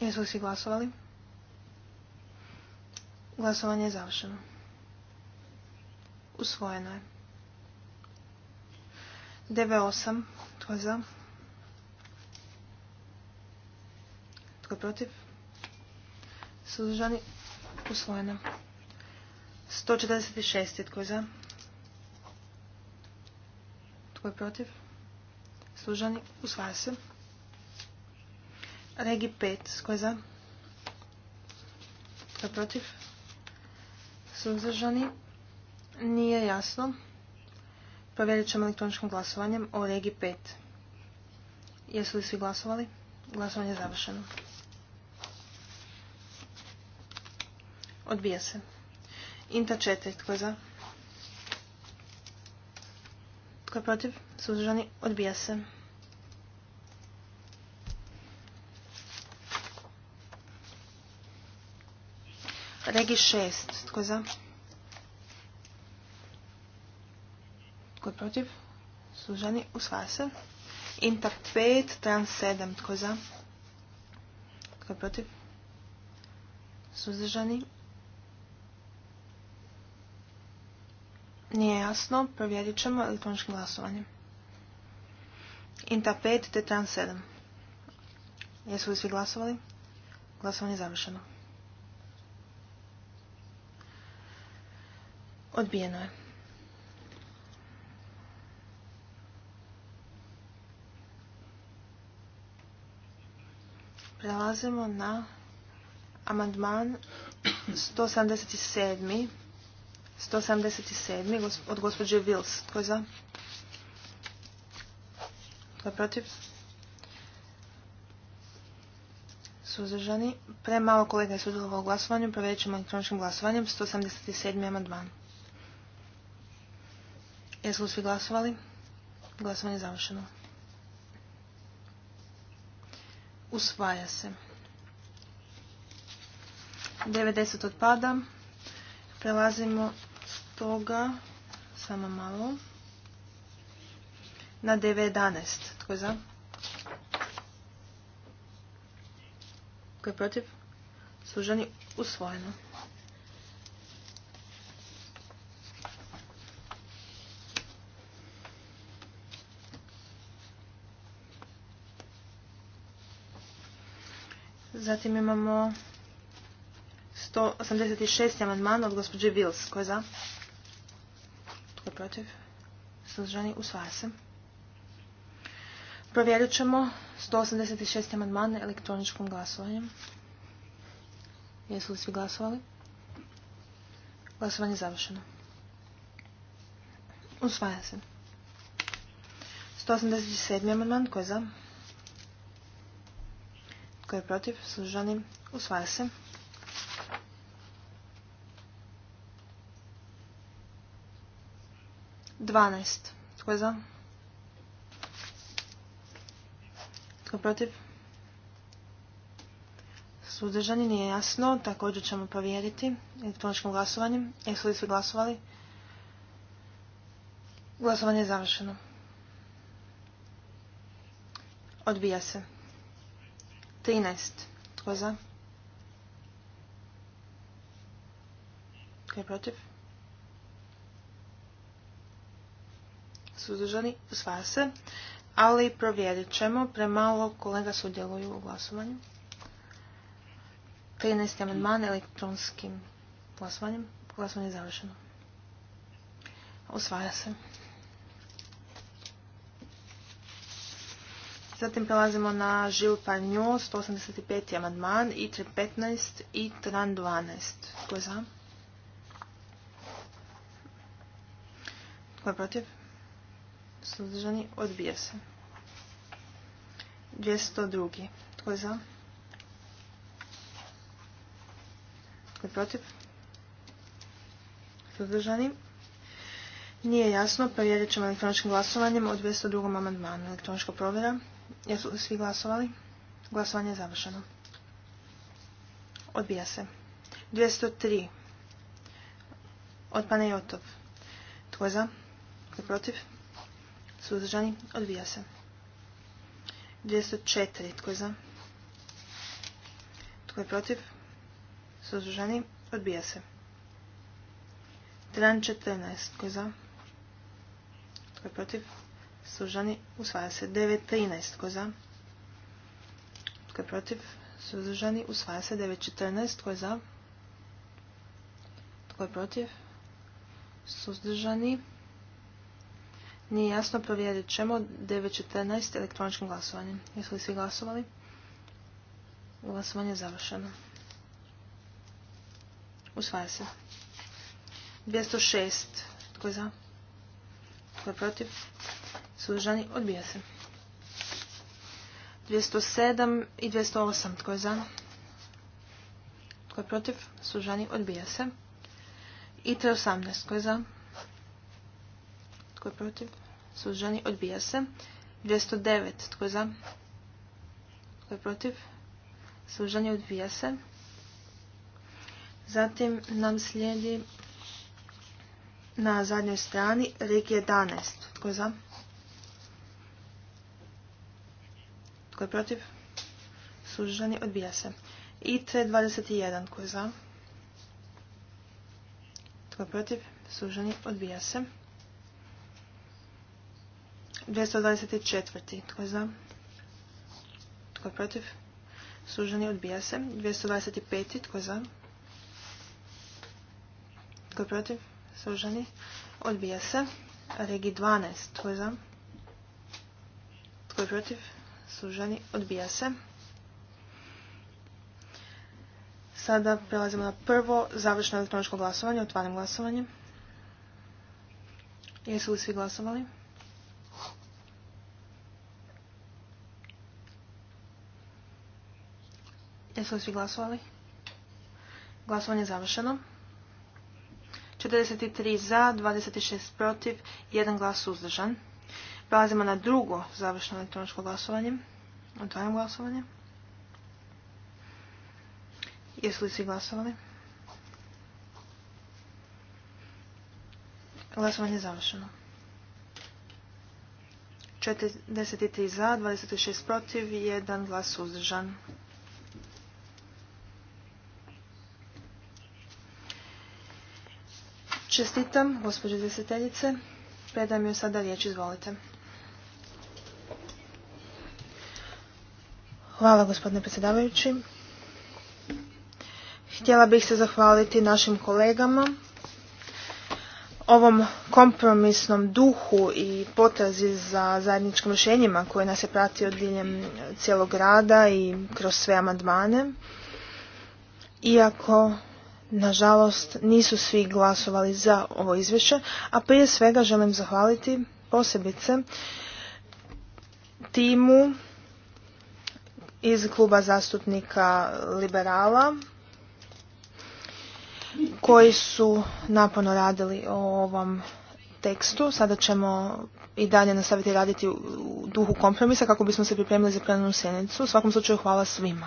Speaker 1: Jesu li svi glasovali? Glasovanje je završeno. Usvojeno je. DB8. Tko je za? Tko je protiv? Suzdržani? Usvojeno. 146. Tko je za? Tko je protiv? Suzdržani? Usvaja se. Regi 5. Tko je za? Tko je protiv? Suzdržani? Nije jasno. Provjerit ćemo elektroničkim glasovanjem o Regi 5. Jesu li svi glasovali? Glasovanje je završeno. Odbija se. Inta 4. Tko je za? Tko je protiv? Suzdržani. Odbija se. Regi 6. Tko je za? Tko je protiv? Suzdržani. Usvaja se. Inta 5. Trans 7. Tko je za? Tko je protiv? Suzdržani. Nije jasno, provjerit ćemo elektroničkim glasovanjem. Inta 5 Tetran 7. Jesu li svi glasovali? Glasovanje je završeno. Odbijeno je. Prelazimo na amandman 177. 177. od gospođe Vils. Tko je za? Tko je protiv? Suzdržani. Premalo kolega je sudjelovao u glasovanju. Provjerit ćemo elektroničkim glasovanjem. 177. amandman. Jesu li svi glasovali? Glasovanje je završeno. Usvaja se. 90 odpada. Prelazimo toga, samo malo, na 9.11. Tko je za? Tko je protiv? Služeni, usvojeno. Zatim imamo 186. amandman od gospođe Vils. Ko je za? protiv? Suzdržani? Usvaja se. Provjerit ćemo 186. amandmane elektroničkom glasovanjem. Jesu li svi glasovali? Glasovanje je završeno. Usvaja se. 187. amandman. Tko je za? Tko je protiv? Služani. Usvaja se. 12. Tko je za? Tko je protiv? Suzdržani nije jasno. Također ćemo provjeriti elektroničkom glasovanjem. Jesu li svi glasovali? Glasovanje je završeno. Odbija se. 13. Tko je za? Tko je protiv? suzdržani, usvaja se. Ali provjerit ćemo, premalo kolega sudjeluju u glasovanju. 13. amandman elektronskim glasovanjem. Glasovanje je završeno. Usvaja se. Zatim prelazimo na Žil Parnjo, 185. amandman, i 315 i Tran 12. Tko je za? Tko je protiv? suzdržani, odbija se. 202. Tko je za? Tko je protiv? Suzdržani. Nije jasno, provjerit ćemo elektroničkim glasovanjem o 202. amandmanu. Elektronička provjera. Jesu li svi glasovali? Glasovanje je završeno. Odbija se. 203. Od Jotov. Tko je za? Tko je protiv? Suzdržani? Odbija se. 204. Tko je za? Tko je protiv? Suzdržani? Odbija se. Tran Tko je za? Tko je protiv? Suzdržani? Usvaja se. 9.13. Tko je za? Tko je protiv? Suzdržani? Usvaja se. 9.14. Tko je za? Tko je protiv? Suzdržani? Nije jasno, provjerit ćemo 9.14 elektroničkim glasovanjem. Jesu li svi glasovali? Glasovanje je završeno. Usvaja se. 206. Tko je za? Tko je protiv? Suzdržani odbija se. 207 i 208. Tko je za? Tko je protiv? Suzdržani odbija se. I 318. Tko je za? Tko je protiv? Suzdržani? Odbija se. 209. Tko je za? Tko je protiv? Suzdržani? Odbija se. Zatim nam slijedi na zadnjoj strani Rig 11. Tko je za? Tko je protiv? Suzdržani? Odbija se. IT 21. Tko je za? Tko je protiv? Suzdržani? Odbija se. 224. Tko je za? Tko je protiv? Suženi odbija se. 225. Tko je za? Tko je protiv? Suženi odbija se. Regi 12. Tko je za? Tko je protiv? Suženi odbija se. Sada prelazimo na prvo završeno elektroničko glasovanje. Otvaram glasovanje. Jesu li svi glasovali? Jesu li svi glasovali? Glasovanje je završeno. 43 za, 26 protiv, 1 glas uzdržan. Prelazimo na drugo završeno elektroničko glasovanje. Odvajam glasovanje. Jesu li svi glasovali? Glasovanje je završeno. 43 za, 26 protiv, 1 glas suzdržan. Čestitam, gospođe izvjestiteljice. Predam joj sada riječ, izvolite. Hvala, gospodine predsjedavajući. Htjela bih se zahvaliti našim kolegama ovom kompromisnom duhu i potrazi za zajedničkim rješenjima koje nas je pratio diljem cijelog rada i kroz sve amandmane. Iako Nažalost, nisu svi glasovali za ovo izvješće, a prije svega želim zahvaliti posebice timu iz kluba zastupnika liberala koji su naporno radili o ovom tekstu. Sada ćemo i dalje nastaviti raditi u duhu kompromisa kako bismo se pripremili za plenarnu sjednicu. U svakom slučaju hvala svima.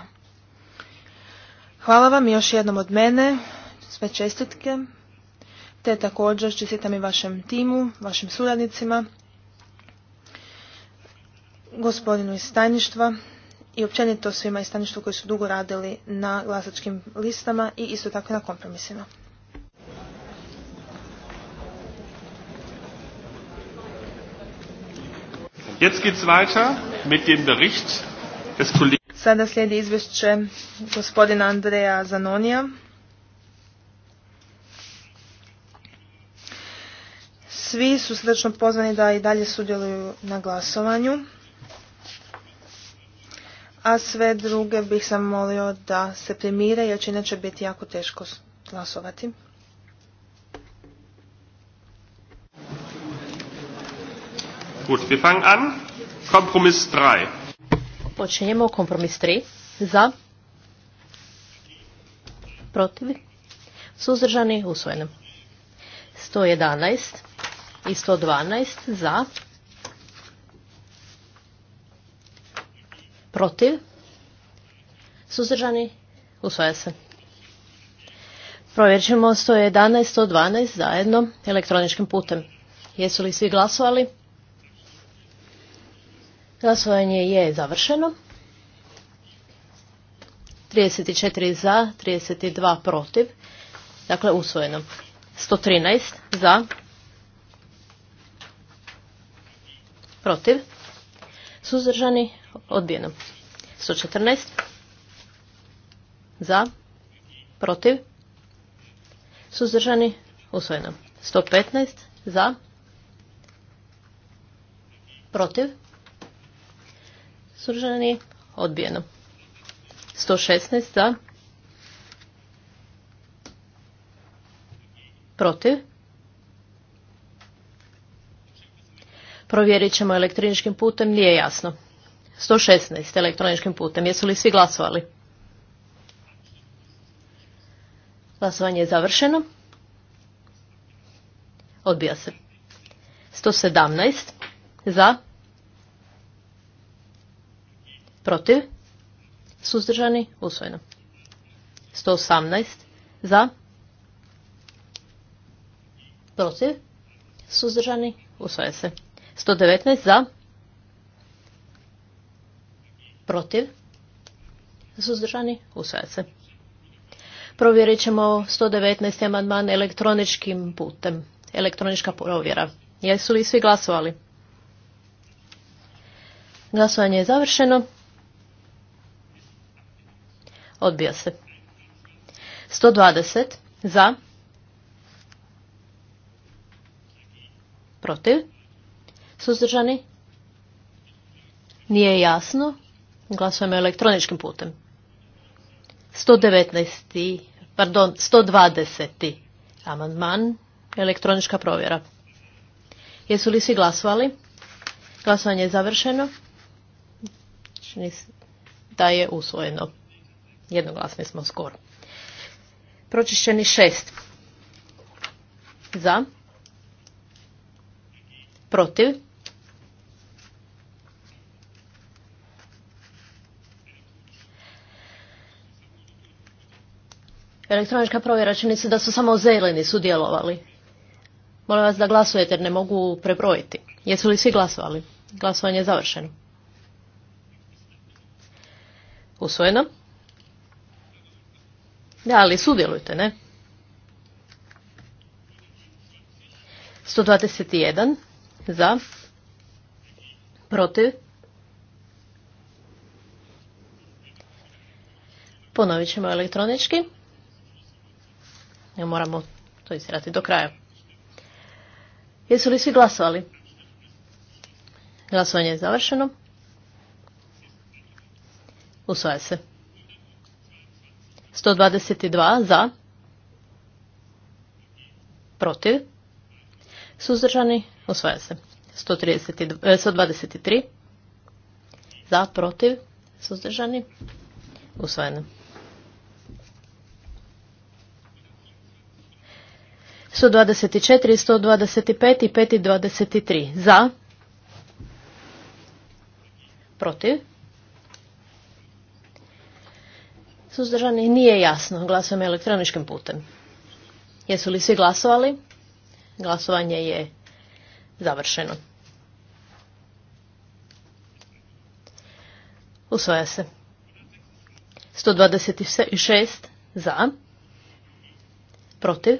Speaker 1: Hvala vam još jednom od mene, sve čestitke, te također čestitam i vašem timu, vašim suradnicima, gospodinu iz tajništva i općenito svima iz tajništva koji su dugo radili na glasačkim listama i isto tako na kompromisima. Jetzt geht's weiter mit dem Bericht des Sada slijedi izvješće gospodina Andreja Zanonija. Svi su srdečno pozvani da i dalje sudjeluju na glasovanju. A sve druge bih sam molio da se primire jer će inače biti jako teško glasovati.
Speaker 2: Gut, fangen an. Kompromiss Počinjemo kompromis 3. Za. Protiv. Suzdržani. Usvojeno. 111 i 112 za. Protiv. Suzdržani. Usvoja se. Provjerit ćemo 111, 112 zajedno elektroničkim putem. Jesu li svi glasovali? Glasovanje je završeno. 34 za, 32 protiv. Dakle, usvojeno. 113 za, protiv, suzdržani, odbijeno. 114 za, protiv, suzdržani, usvojeno. 115 za, protiv, Suženi? Odbijeno. 116 za. Protiv. Provjerit ćemo elektroničkim putem, nije jasno. 116 elektroničkim putem. Jesu li svi glasovali? Glasovanje je završeno. Odbija se. 117 za. Protiv? Suzdržani? Usvojeno. 118. Za? Protiv? Suzdržani? Usvoje se. 119. Za? Protiv? Suzdržani? Usvoje se. Provjerit ćemo 119. amandman elektroničkim putem. Elektronička provjera. Jesu li svi glasovali? Glasovanje je završeno. Odbija se. 120 za. Protiv. Suzdržani. Nije jasno. Glasujemo elektroničkim putem. 119. Pardon, 120. Amandman. Elektronička provjera. Jesu li svi glasovali? Glasovanje je završeno. Znači, da je usvojeno. Jednoglasni smo skoro. Pročišćeni šest. Za. Protiv. Elektronička provjera čini se da su samo zeleni sudjelovali. Molim vas da glasujete jer ne mogu prebrojiti. Jesu li svi glasovali? Glasovanje je završeno. Usvojeno. Da, ali sudjelujte, ne? 121 za, protiv. Ponovit ćemo elektronički. Moramo to izrati do kraja. Jesu li svi glasovali? Glasovanje je završeno. Usvaja se. 122 za, protiv, suzdržani, Osvaja se. 123 eh, za, protiv, suzdržani, usvojeno. 124, 125 i 523 za, protiv, Suzdržani nije jasno. Glasujemo elektroničkim putem. Jesu li svi glasovali? Glasovanje je završeno. Usvaja se. 126 za. Protiv.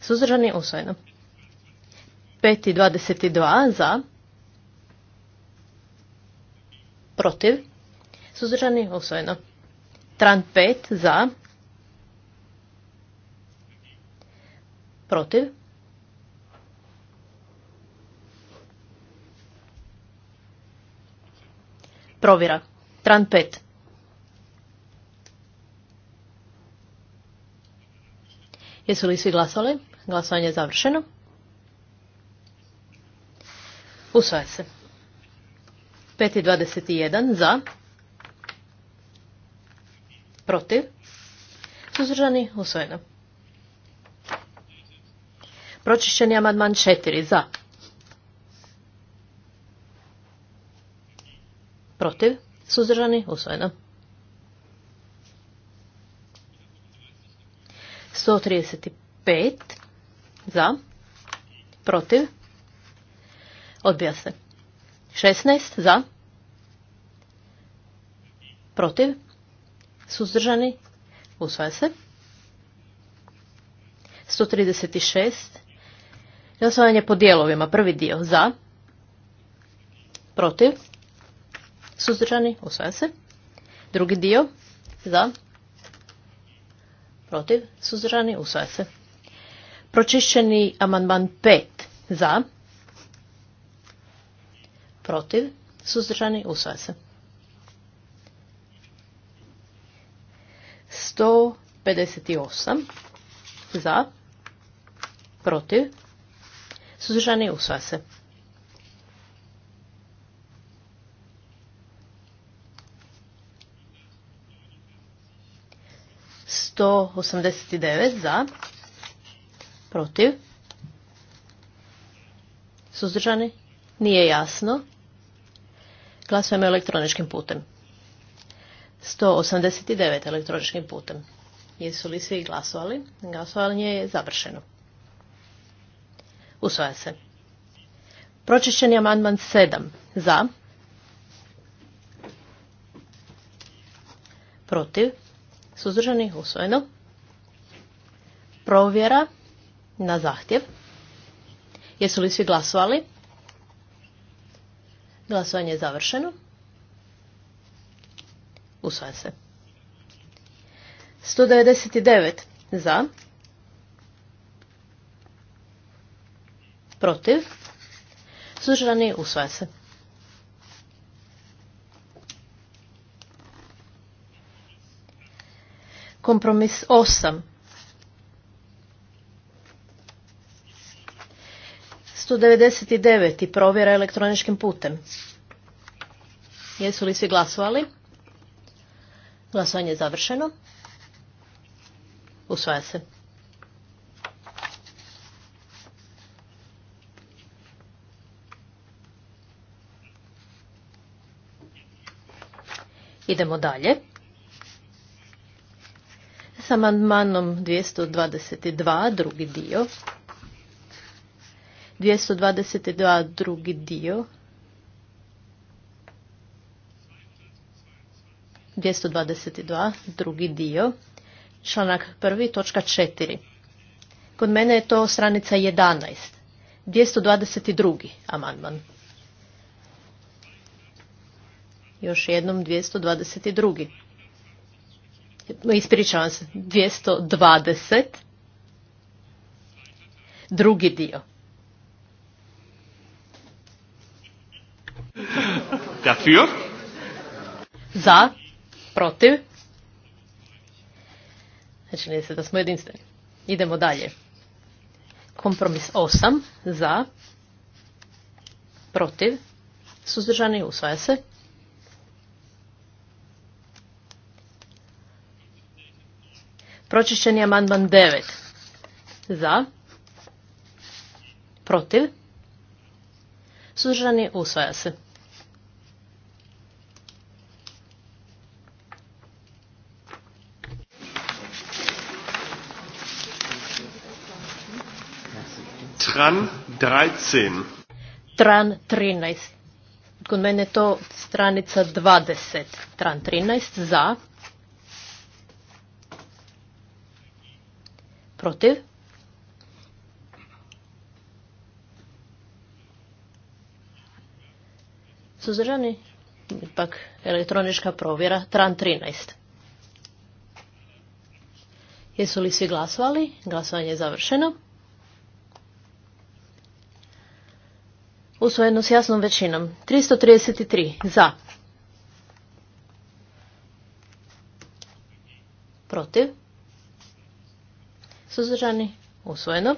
Speaker 2: Suzdržani usvojeno. Pet i 22 za. Protiv. Suzdržani usvojeno. 35 5 za. Protiv. Provjera. 35. 5. Jesu li svi glasali? Glasovanje je završeno. Usvaja se. 5.21 za. Protiv? Suzdržani? Usvojeno. Pročišćeni Amadman 4. Za. Protiv? Suzdržani? Usvojeno. 135. Za. Protiv? Odbija se. 16. Za. Protiv? Suzdržani? Usvaja se. 136. Glasovanje po dijelovima. Prvi dio za. Protiv. Suzdržani? Usvaja se. Drugi dio za. Protiv. Suzdržani? Usvaja se. Pročišćeni amandman 5 za. Protiv. Suzdržani? Usvaja se. 158 za, protiv, suzdržani usva se. Sto osamdeset devet za, protiv, suzdržani, nije jasno, glasujemo elektroničkim putem. 189 elektroničkim putem. Jesu li svi glasovali? Glasovanje je završeno. Usvaja se. Pročišćeni amandman 7. Za. Protiv. Suzdržani. Usvojeno. Provjera na zahtjev. Jesu li svi glasovali? Glasovanje je završeno. Usvaja se. 199 za. Protiv. nije. Usvaja se. 8. osam 199 i provjera elektroničkim putem. Jesu li svi glasovali? Glasovanje je završeno. Usvaja se. Idemo dalje. Sa amandmanom 222, drugi dio. 222, drugi dio. 222, drugi dio, članak 1, točka 4. Kod mene je to stranica 11. 222. amandman. Još jednom 222. Ispričavam se, 220. Drugi dio. Dafür? Za. Protiv? Znači ne se da smo jedinstveni. Idemo dalje. Kompromis 8 za, protiv, suzdržani, usvaja se. Pročišćeni amandman 9 za, protiv, suzdržani, usvaja se. Tran
Speaker 1: 13.
Speaker 2: Tran 13. Kod mene je to stranica 20. Tran 13 za. Protiv. Suzdržani? Ipak elektronička provjera. Tran 13. Jesu li svi glasovali? Glasovanje je završeno. usvojeno s jasnom većinom. 333 za. Protiv. Suzdržani. Usvojeno.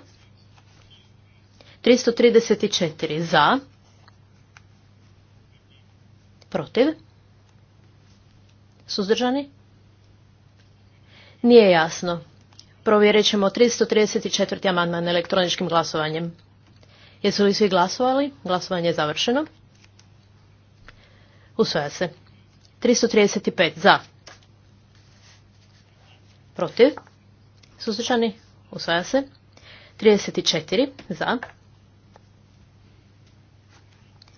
Speaker 2: 334 za. Protiv. Suzdržani. Nije jasno. Provjerit ćemo 334. amandman elektroničkim glasovanjem. Jesu li svi glasovali? Glasovanje je završeno. Usvaja se. 335 za. Protiv. Suzdržani. Usvaja se. 34 za.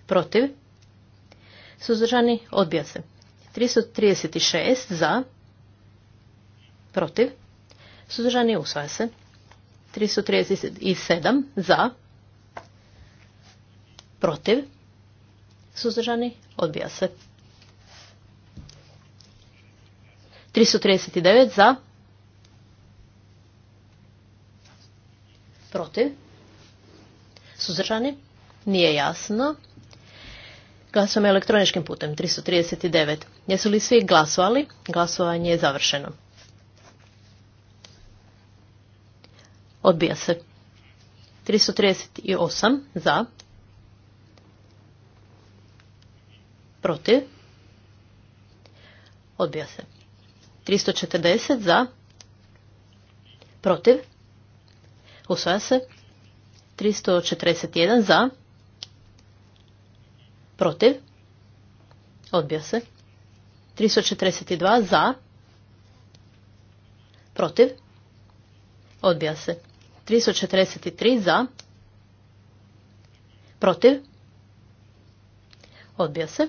Speaker 2: Protiv. Suzdržani. Odbija se. 336 za. Protiv. Suzdržani. Usvaja se. 337 za. Protiv? Suzdržani? Odbija se. 339 za. Protiv? Suzdržani? Nije jasno. Glasujemo elektroničkim putem. 339. Jesu li svi glasovali? Glasovanje je završeno. Odbija se. 338 za. Protiv? Odbija se. 340 za. Protiv? Usvaja se. 341 za. Protiv? Odbija se. 342 za. Protiv? Odbija se. 343 za. Protiv? Odbija se.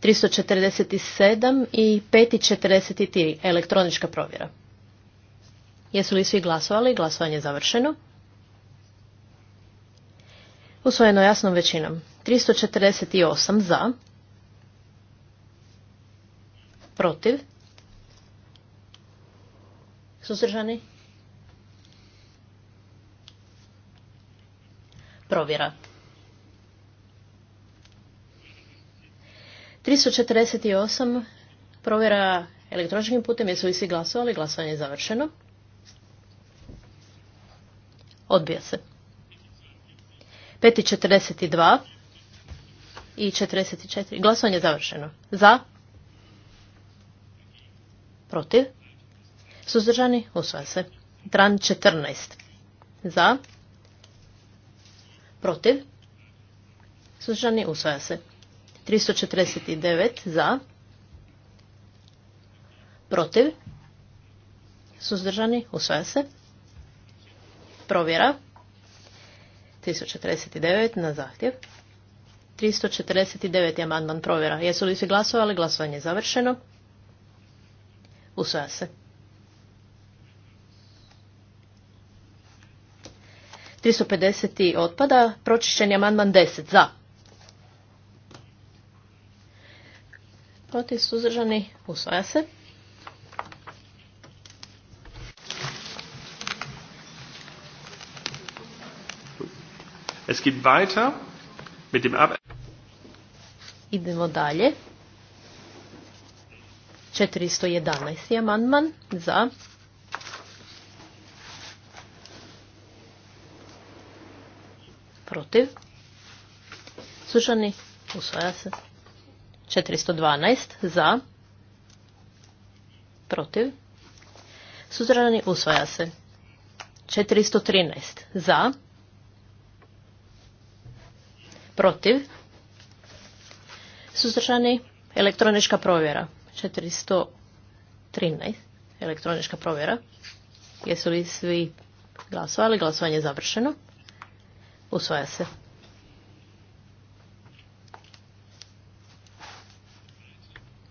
Speaker 2: 347 i 543 elektronička provjera. Jesu li svi glasovali? Glasovanje je završeno. Usvojeno jasnom većinom. 348 za. Protiv. Suzdržani. Provjera. 348 provjera elektroničkim putem. Jesu li svi glasovali? Glasovanje je završeno. Odbija se. 5.42 i 44. Glasovanje je završeno. Za? Protiv? Suzdržani? Usvaja se. Tran 14. Za? Protiv? Suzdržani? Usvaja se. 349 za, protiv, suzdržani, usvaja se. Provjera. 349 na zahtjev. 349 je amandman provjera. Jesu li svi glasovali? Glasovanje je završeno. Usvaja se. 350. otpada. Pročišćen je amandman 10. Za. protiv, suzdržani, usvaja se.
Speaker 1: Es geht weiter mit dem Ab
Speaker 2: Idemo dalje. 411. amandman za protiv sužani usvaja se. 412 za, protiv, suzdržani usvaja se. 413 za, protiv, suzdržani elektronička provjera. 413 elektronička provjera. Jesu li svi glasovali? Glasovanje je završeno. Usvaja se.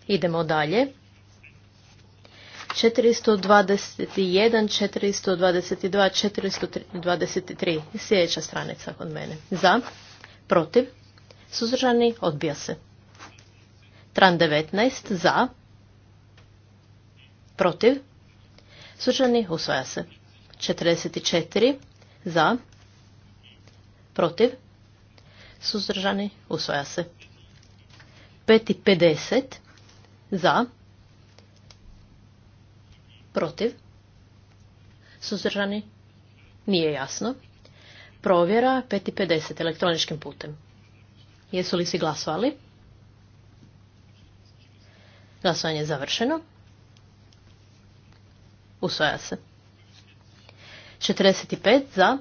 Speaker 2: Idemo dalje. 421, 422, 423. Sljedeća stranica kod mene. Za, protiv, suzdržani, odbija se. Tran 19, za, protiv, suzdržani, usvaja se. 44, za, protiv, suzdržani, usvaja se. 5 i 50, za. Protiv. Suzdržani. Nije jasno. Provjera 5.50 elektroničkim putem. Jesu li si glasovali? Glasovanje je završeno. Usvaja se. 45 za.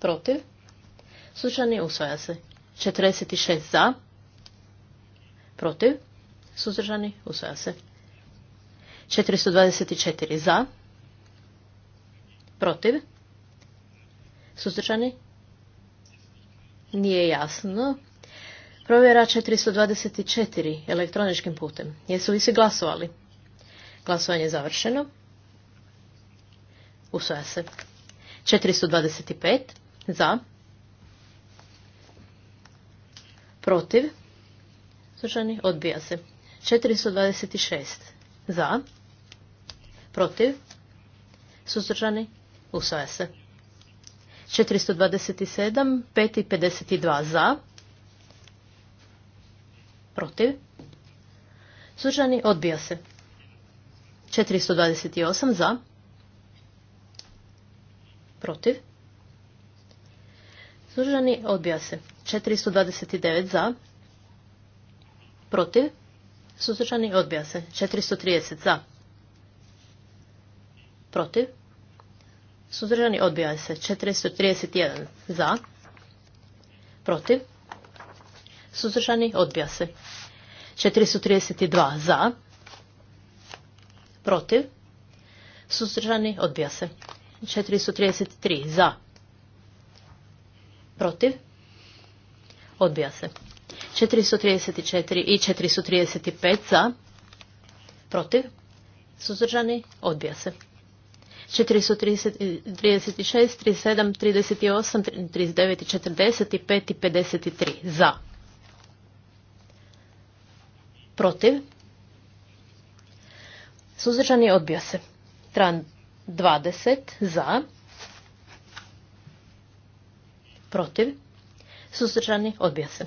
Speaker 2: Protiv. suzdržani usvaja se. 46 za protiv, suzdržani, usvaja se. 424 za, protiv, suzdržani, nije jasno. Provjera 424 elektroničkim putem. Jesu li svi glasovali? Glasovanje je završeno. Usvaja se. 425 za, protiv, suzdržani, odbija se. 426 za, protiv, suzdržani, usvaja se. 427, 552 za, protiv, suzdržani, odbija se. 428 za, protiv, suzdržani, odbija se. 429 za, protiv, Protiv? Suzdržani? Odbija se. 430 za. Protiv? Suzdržani? Odbija se. 431 za. Protiv? Suzdržani? Odbija se. 432 za. Protiv? Suzdržani? Odbija se. 433 za. Protiv? Odbija se. 434 i 435 za, protiv, suzdržani, odbija se. 436, 37, 38, 39, 45 i 53 za. Protiv. Suzdržani odbija se. Tran 20 za. Protiv. Suzdržani odbija se.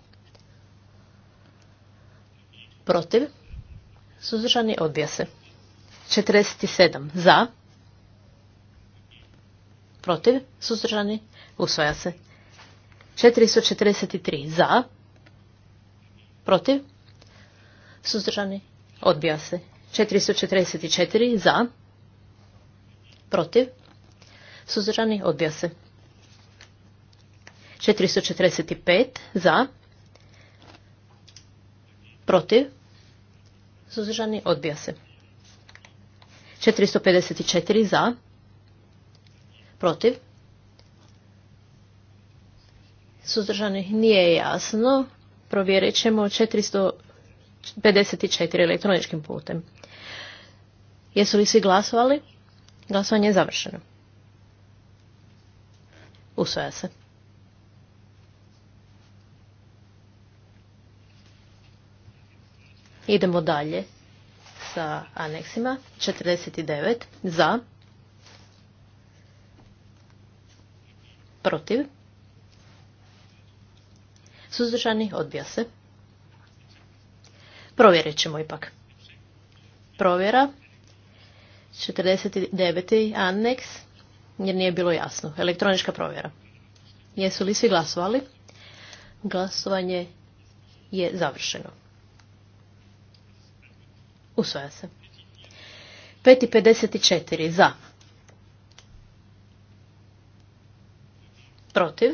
Speaker 2: Protiv. Suzdržani odbija se. 47 za. Protiv. Suzdržani usvaja se. 443 za. Protiv. Suzdržani odbija se. 444 za. Protiv. Suzdržani odbija se. 445 za. Protiv? Suzdržani? Odbija se. 454 za. Protiv? Suzdržani? Nije jasno. Provjerit ćemo 454 elektroničkim putem. Jesu li svi glasovali? Glasovanje je završeno. Usvaja se. Idemo dalje sa aneksima. 49 za, protiv, suzdržani, odbija se. Provjerit ćemo ipak. Provjera. 49. aneks, jer nije bilo jasno. Elektronička provjera. Jesu li svi glasovali? Glasovanje je završeno. Usvaja se. 5.54 za. Protiv.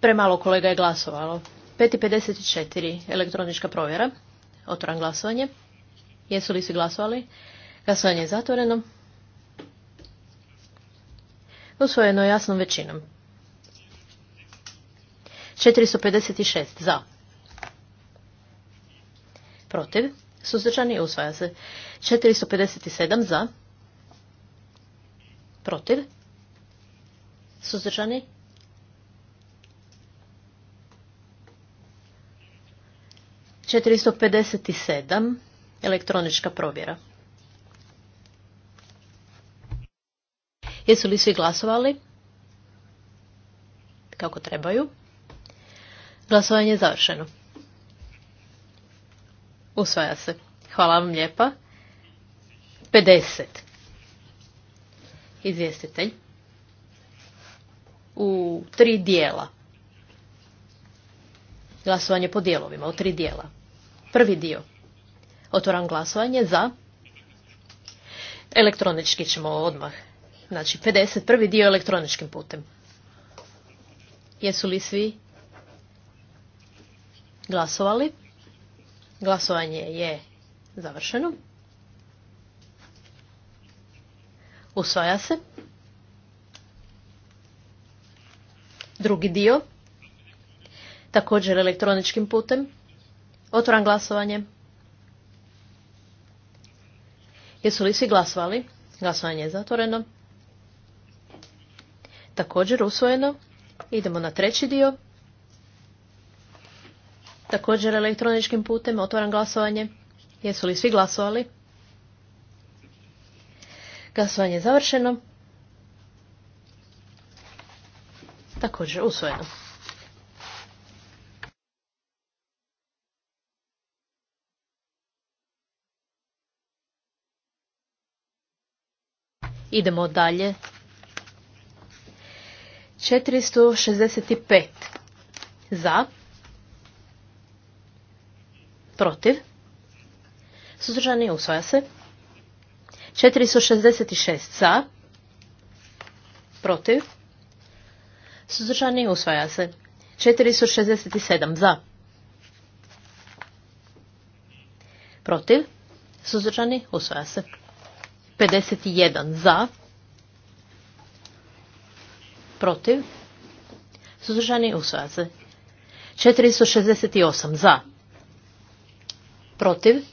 Speaker 2: Premalo kolega je glasovalo. 5.54 elektronička provjera. Otvoran glasovanje. Jesu li svi glasovali? Glasovanje je zatvoreno. Usvojeno jasnom većinom. 456 za. Protiv. Suzdržani usvaja se. 457 za. Protiv. Suzdržani. Četiristo pedeset sedam elektronička provjera. Jesu li svi glasovali? Kako trebaju? Glasovanje je završeno. Usvaja se. Hvala vam lijepa. 50. Izvjestitelj. U tri dijela. Glasovanje po dijelovima, u tri dijela. Prvi dio. Otvoram glasovanje za. Elektronički ćemo odmah. Znači, prvi dio elektroničkim putem. Jesu li svi glasovali. Glasovanje je završeno. Usvaja se. Drugi dio. Također elektroničkim putem. Otvoram glasovanje. Jesu li svi glasovali? Glasovanje je zatvoreno. Također usvojeno. Idemo na treći dio. Također elektroničkim putem otvaram glasovanje. Jesu li svi glasovali? Glasovanje je završeno. Također usvojeno. Idemo dalje. 465 za Protiv. Suzdržani usvaja se. 466 za. Protiv. Suzdržani usvaja se. 467 za. Protiv. Suzdržani usvaja se. 51 za. Protiv. Suzdržani usvaja se. 468 za protiv,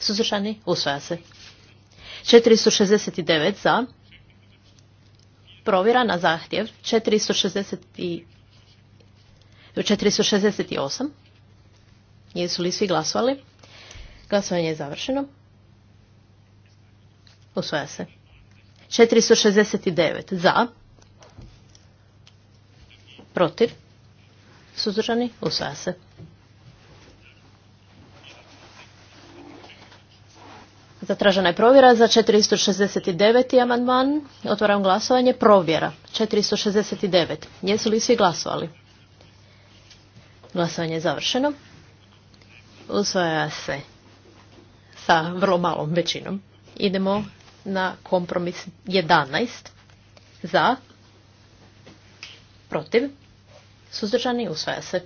Speaker 2: suzdržani, usvaja se. 469 za, provjera na zahtjev, 460 i 468. Jesu li svi glasovali? Glasovanje je završeno. Usvaja se. 469 za, protiv, suzdržani, usvaja se. Zatražena je provjera za 469. amandman. Otvaram glasovanje. Provjera. 469. Jesu li svi glasovali? Glasovanje je završeno. Usvaja se sa vrlo malom većinom. Idemo na kompromis 11. Za. Protiv. Suzdržani usvaja se.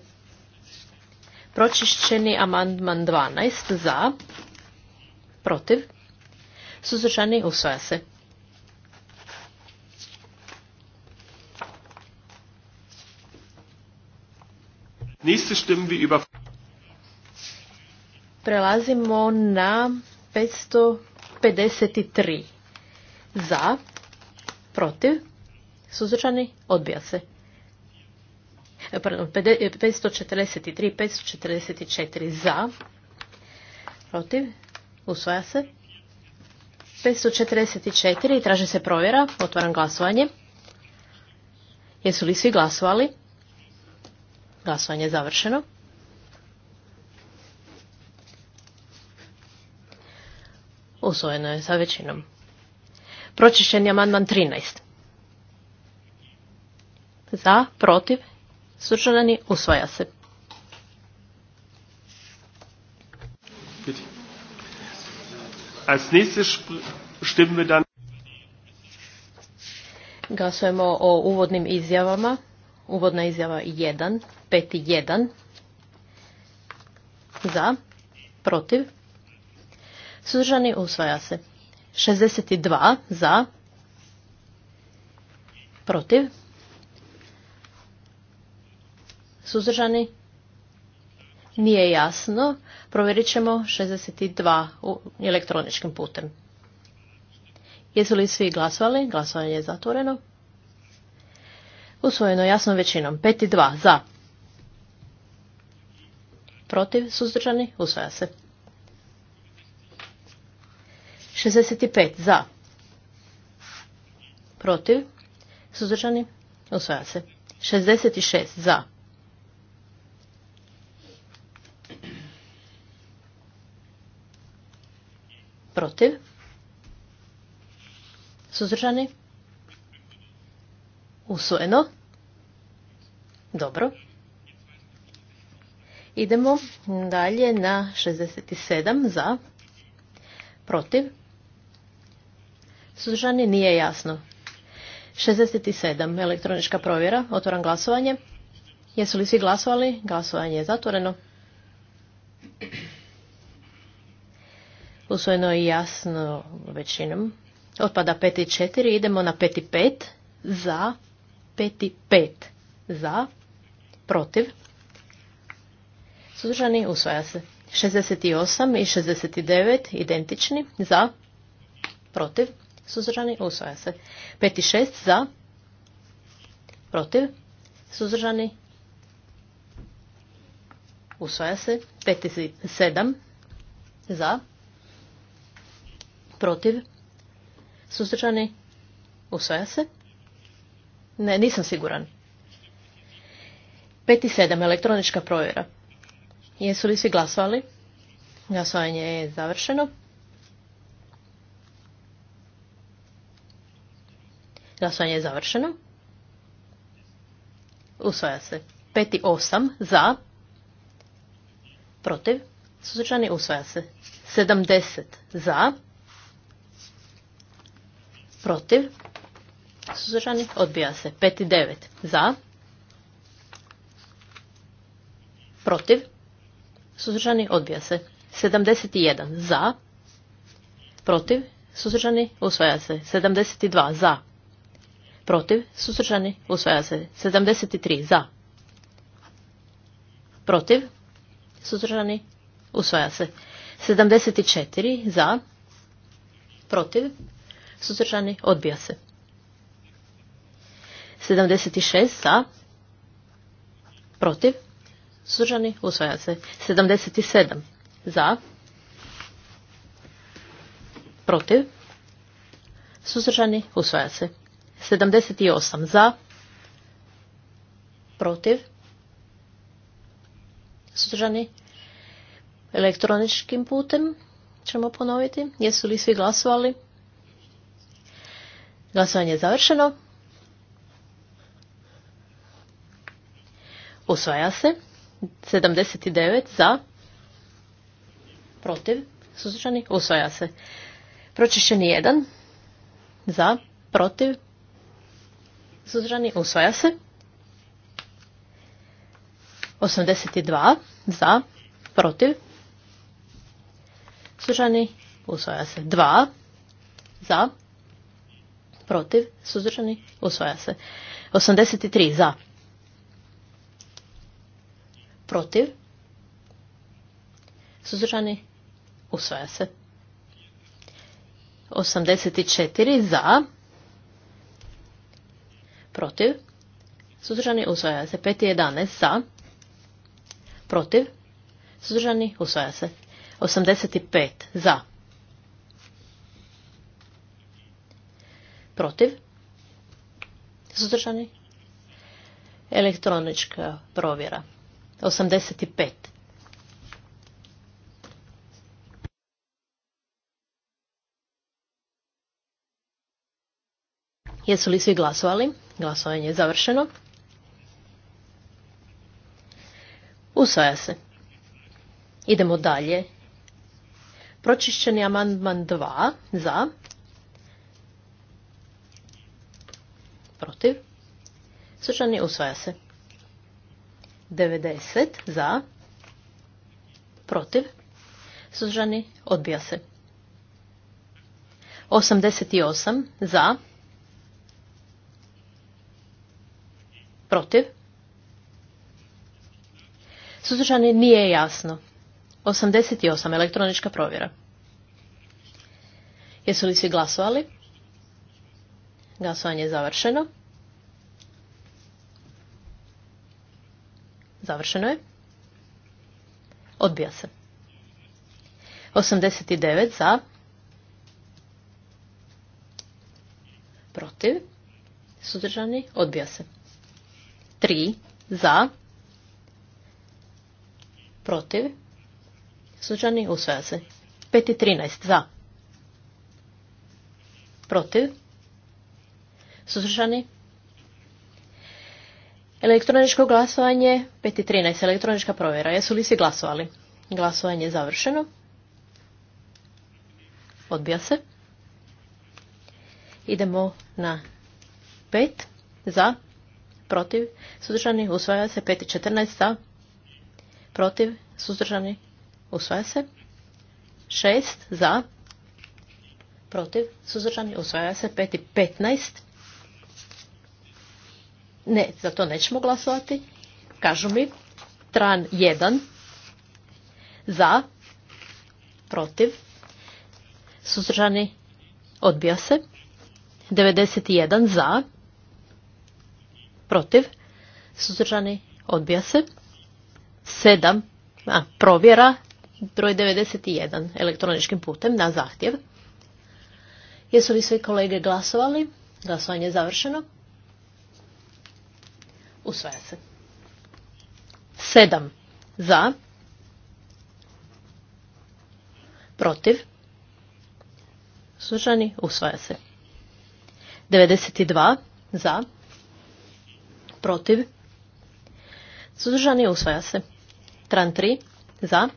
Speaker 2: Pročišćeni amandman 12. Za. Protiv? Suzdržani? Usvaja se. Prelazimo na 553. Za, protiv, suzdržani, odbija se. E, pardon, 543, 544 e, za, protiv, Usvaja se. 544 i traži se provjera. Otvaram glasovanje. Jesu li svi glasovali? Glasovanje je završeno. Usvojeno je sa većinom. Pročišćen je amandman 13. Za, protiv, sučanani, usvaja se.
Speaker 1: Als nächstes stimmen wir dann
Speaker 2: Glasujemo o uvodnim izjavama. Uvodna izjava 1, 5.1. Za, protiv. Suzdržani usvaja se. 62 za, protiv. Suzdržani nije jasno, provjerit ćemo 62 u elektroničkim putem. Jesu li svi glasovali? Glasovanje je zatvoreno. Usvojeno jasnom većinom. 5 i 2 za. Protiv suzdržani usvaja se. 65 za. Protiv suzdržani usvaja se. 66 za. Protiv? Suzdržani? Usvojeno? Dobro. Idemo dalje na 67 za, protiv, suzdržani nije jasno. 67 elektronička provjera, otvoram glasovanje. Jesu li svi glasovali? Glasovanje je zatvoreno. usvojeno je jasno većinom. Otpada 5 i 4, idemo na 5 i 5, za, 5 i 5, za, protiv. Suzdržani usvaja se. 68 i 69 identični, za, protiv. Suzdržani usvaja se. 5 i 6 za, protiv. Suzdržani usvaja se. 5 i 7 za, protiv Protiv? Suzdržani? Usvaja se? Ne, nisam siguran. 5 i 7. Elektronička provjera. Jesu li svi glasovali? Glasovanje je završeno. Glasovanje je završeno. Usvaja se. 5 i 8. Za. Protiv. Suzdržani usvaja se. 70 za protiv, suzdržani, odbija se. 59, i za, protiv, suzdržani, odbija se. 71 za, protiv, suzdržani, usvaja se. 72 za, protiv, suzdržani, usvaja se. 73 za, protiv, suzdržani, usvaja se. 74 za, protiv, suzdržani, odbija se. 76 za, protiv, suzdržani, usvaja se. 77 za, protiv, suzdržani, usvaja se. 78 za, protiv, suzdržani, elektroničkim putem ćemo ponoviti. Jesu li svi glasovali? Glasovanje je završeno. Usvaja se. 79 za. Protiv. Suzdržani. Usvaja se. Pročišćeni 1. Za. Protiv. Suzdržani. Usvaja se. 82 za. Protiv. Suzdržani. Usvaja se. 2 za. Protiv protiv, suzdržani, usvaja se. 83 za, protiv, suzdržani, usvaja se. 84 za, protiv, suzdržani, usvaja se. 511 za, protiv, suzdržani, usvaja se. 85 za, protiv, Protiv? Suzdržani? Elektronička provjera. 85. Jesu li svi glasovali? Glasovanje je završeno. Usvaja se. Idemo dalje. Pročišćeni amandman 2 za, protiv, sučani usvaja se. 90 za, protiv, suzdržani odbija se. 88 za, protiv, suzdržani nije jasno. 88 elektronička provjera. Jesu li svi glasovali? Glasovanje je završeno. Završeno je. Odbija se. 89 za. Protiv. Sudržani. Odbija se. 3 za. Protiv. Sudržani. Usvaja se. 5 i 13 za. Protiv. Suzdržani? Elektroničko glasovanje 5.13. Elektronička provjera. Jesu li svi glasovali? Glasovanje je završeno. Odbija se. Idemo na 5. Za. Protiv. Suzdržani. Usvaja se. 5.14. Za. Protiv. Suzdržani. Usvaja se. 6. Za. Protiv. Suzdržani. Usvaja se. 5.15. Ne, za to nećemo glasovati. Kažu mi, tran 1, za, protiv, suzdržani, odbija se. 91 za, protiv, suzdržani, odbija se. 7, a, provjera, broj 91, elektroničkim putem, na zahtjev. Jesu li svi kolege glasovali? Glasovanje je završeno. Usvaja se. Sedam. za. Protiv. Suzdržani. Usvaja se. 92 za. Protiv. Suzdržani. Usvaja se. Tran 3 za.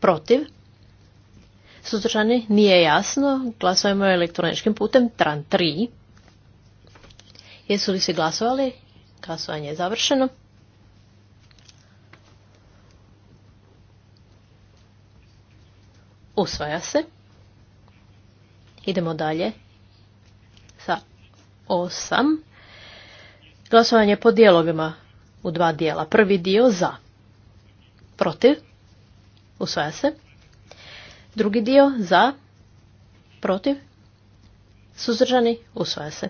Speaker 2: Protiv. Suzdržani. Nije jasno. Glasujemo elektroničkim putem. Tran 3 Jesu li se glasovali? Glasovanje je završeno. Usvaja se. Idemo dalje sa osam. Glasovanje po dijelovima u dva dijela. Prvi dio za, protiv, usvaja se. Drugi dio za, protiv, suzdržani, usvaja se.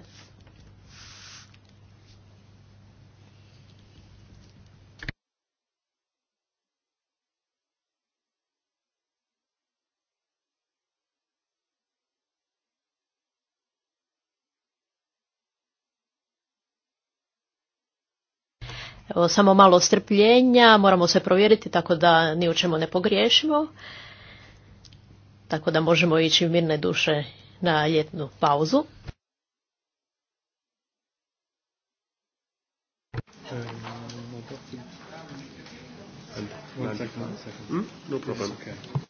Speaker 2: Evo, samo malo strpljenja, moramo se provjeriti tako da ni u čemu ne pogriješimo. Tako da možemo ići mirne duše na ljetnu pauzu. Ehm, no problem. Hmm?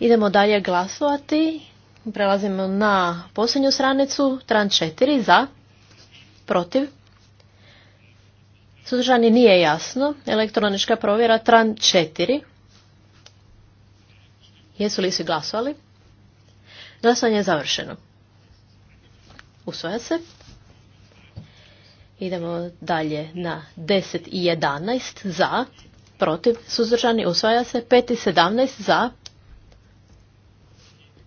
Speaker 2: Idemo dalje glasovati. Prelazimo na posljednju stranicu. Tran 4 za. Protiv. Suzdržani nije jasno. Elektronička provjera Tran 4. Jesu li svi glasovali? Glasovanje je završeno. Usvaja se. Idemo dalje na 10 i 11 za protiv, suzdržani, usvaja se. 5 i 17 za,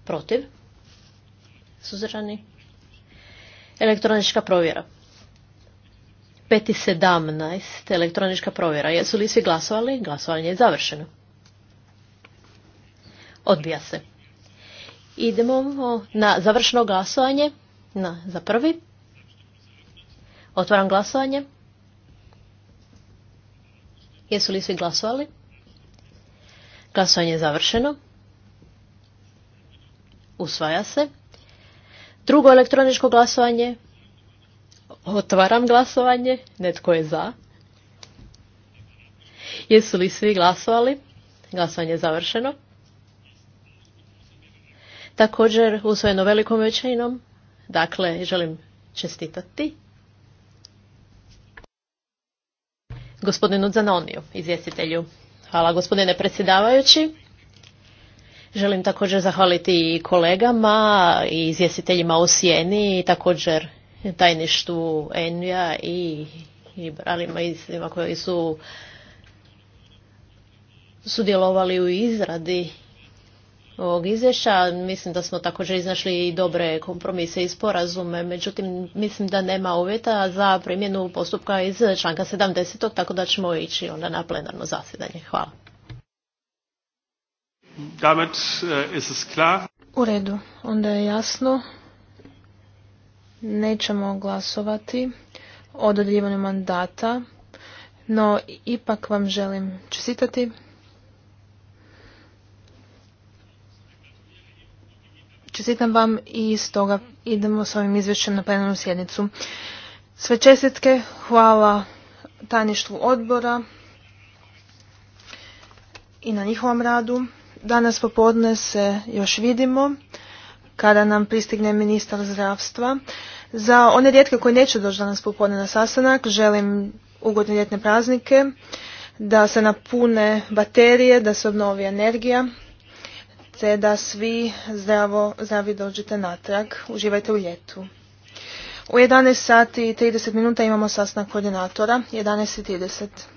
Speaker 2: protiv, suzdržani, elektronička provjera. pet i 17 elektronička provjera. Jesu li svi glasovali? Glasovanje je završeno. Odbija se. Idemo na završno glasovanje. Na, za prvi. Otvaram glasovanje. Jesu li svi glasovali? Glasovanje je završeno. Usvaja se. Drugo elektroničko glasovanje. Otvaram glasovanje. Netko je za. Jesu li svi glasovali? Glasovanje je završeno. Također usvojeno velikom većinom. Dakle, želim čestitati gospodinu Zanoniju, izvjestitelju. Hvala gospodine predsjedavajući. Želim također zahvaliti i kolegama i izvjestiteljima u Sjeni i također tajništu Envija i liberalima i svima koji su sudjelovali u izradi ovog izvješća. Mislim da smo također iznašli i dobre kompromise i sporazume, međutim mislim da nema uvjeta za primjenu postupka iz članka 70. tako da ćemo ići onda na plenarno zasjedanje. Hvala.
Speaker 1: Damit eh,
Speaker 2: U redu, onda je
Speaker 1: jasno. Nećemo glasovati o dodjeljivanju mandata, no ipak vam želim čestitati. Čestitam vam i stoga idemo s ovim izvješćem na plenarnu sjednicu. Sve čestitke, hvala tajništvu odbora i na njihovom radu. Danas popodne se još vidimo kada nam pristigne ministar zdravstva. Za one rijetke koji neće doći danas popodne na sastanak, želim ugodne ljetne praznike, da se napune baterije, da se obnovi energija te da svi zdravo, zdravi dođete natrag. Uživajte u ljetu. U 11 sati i 30 minuta imamo sastanak koordinatora, 11.30.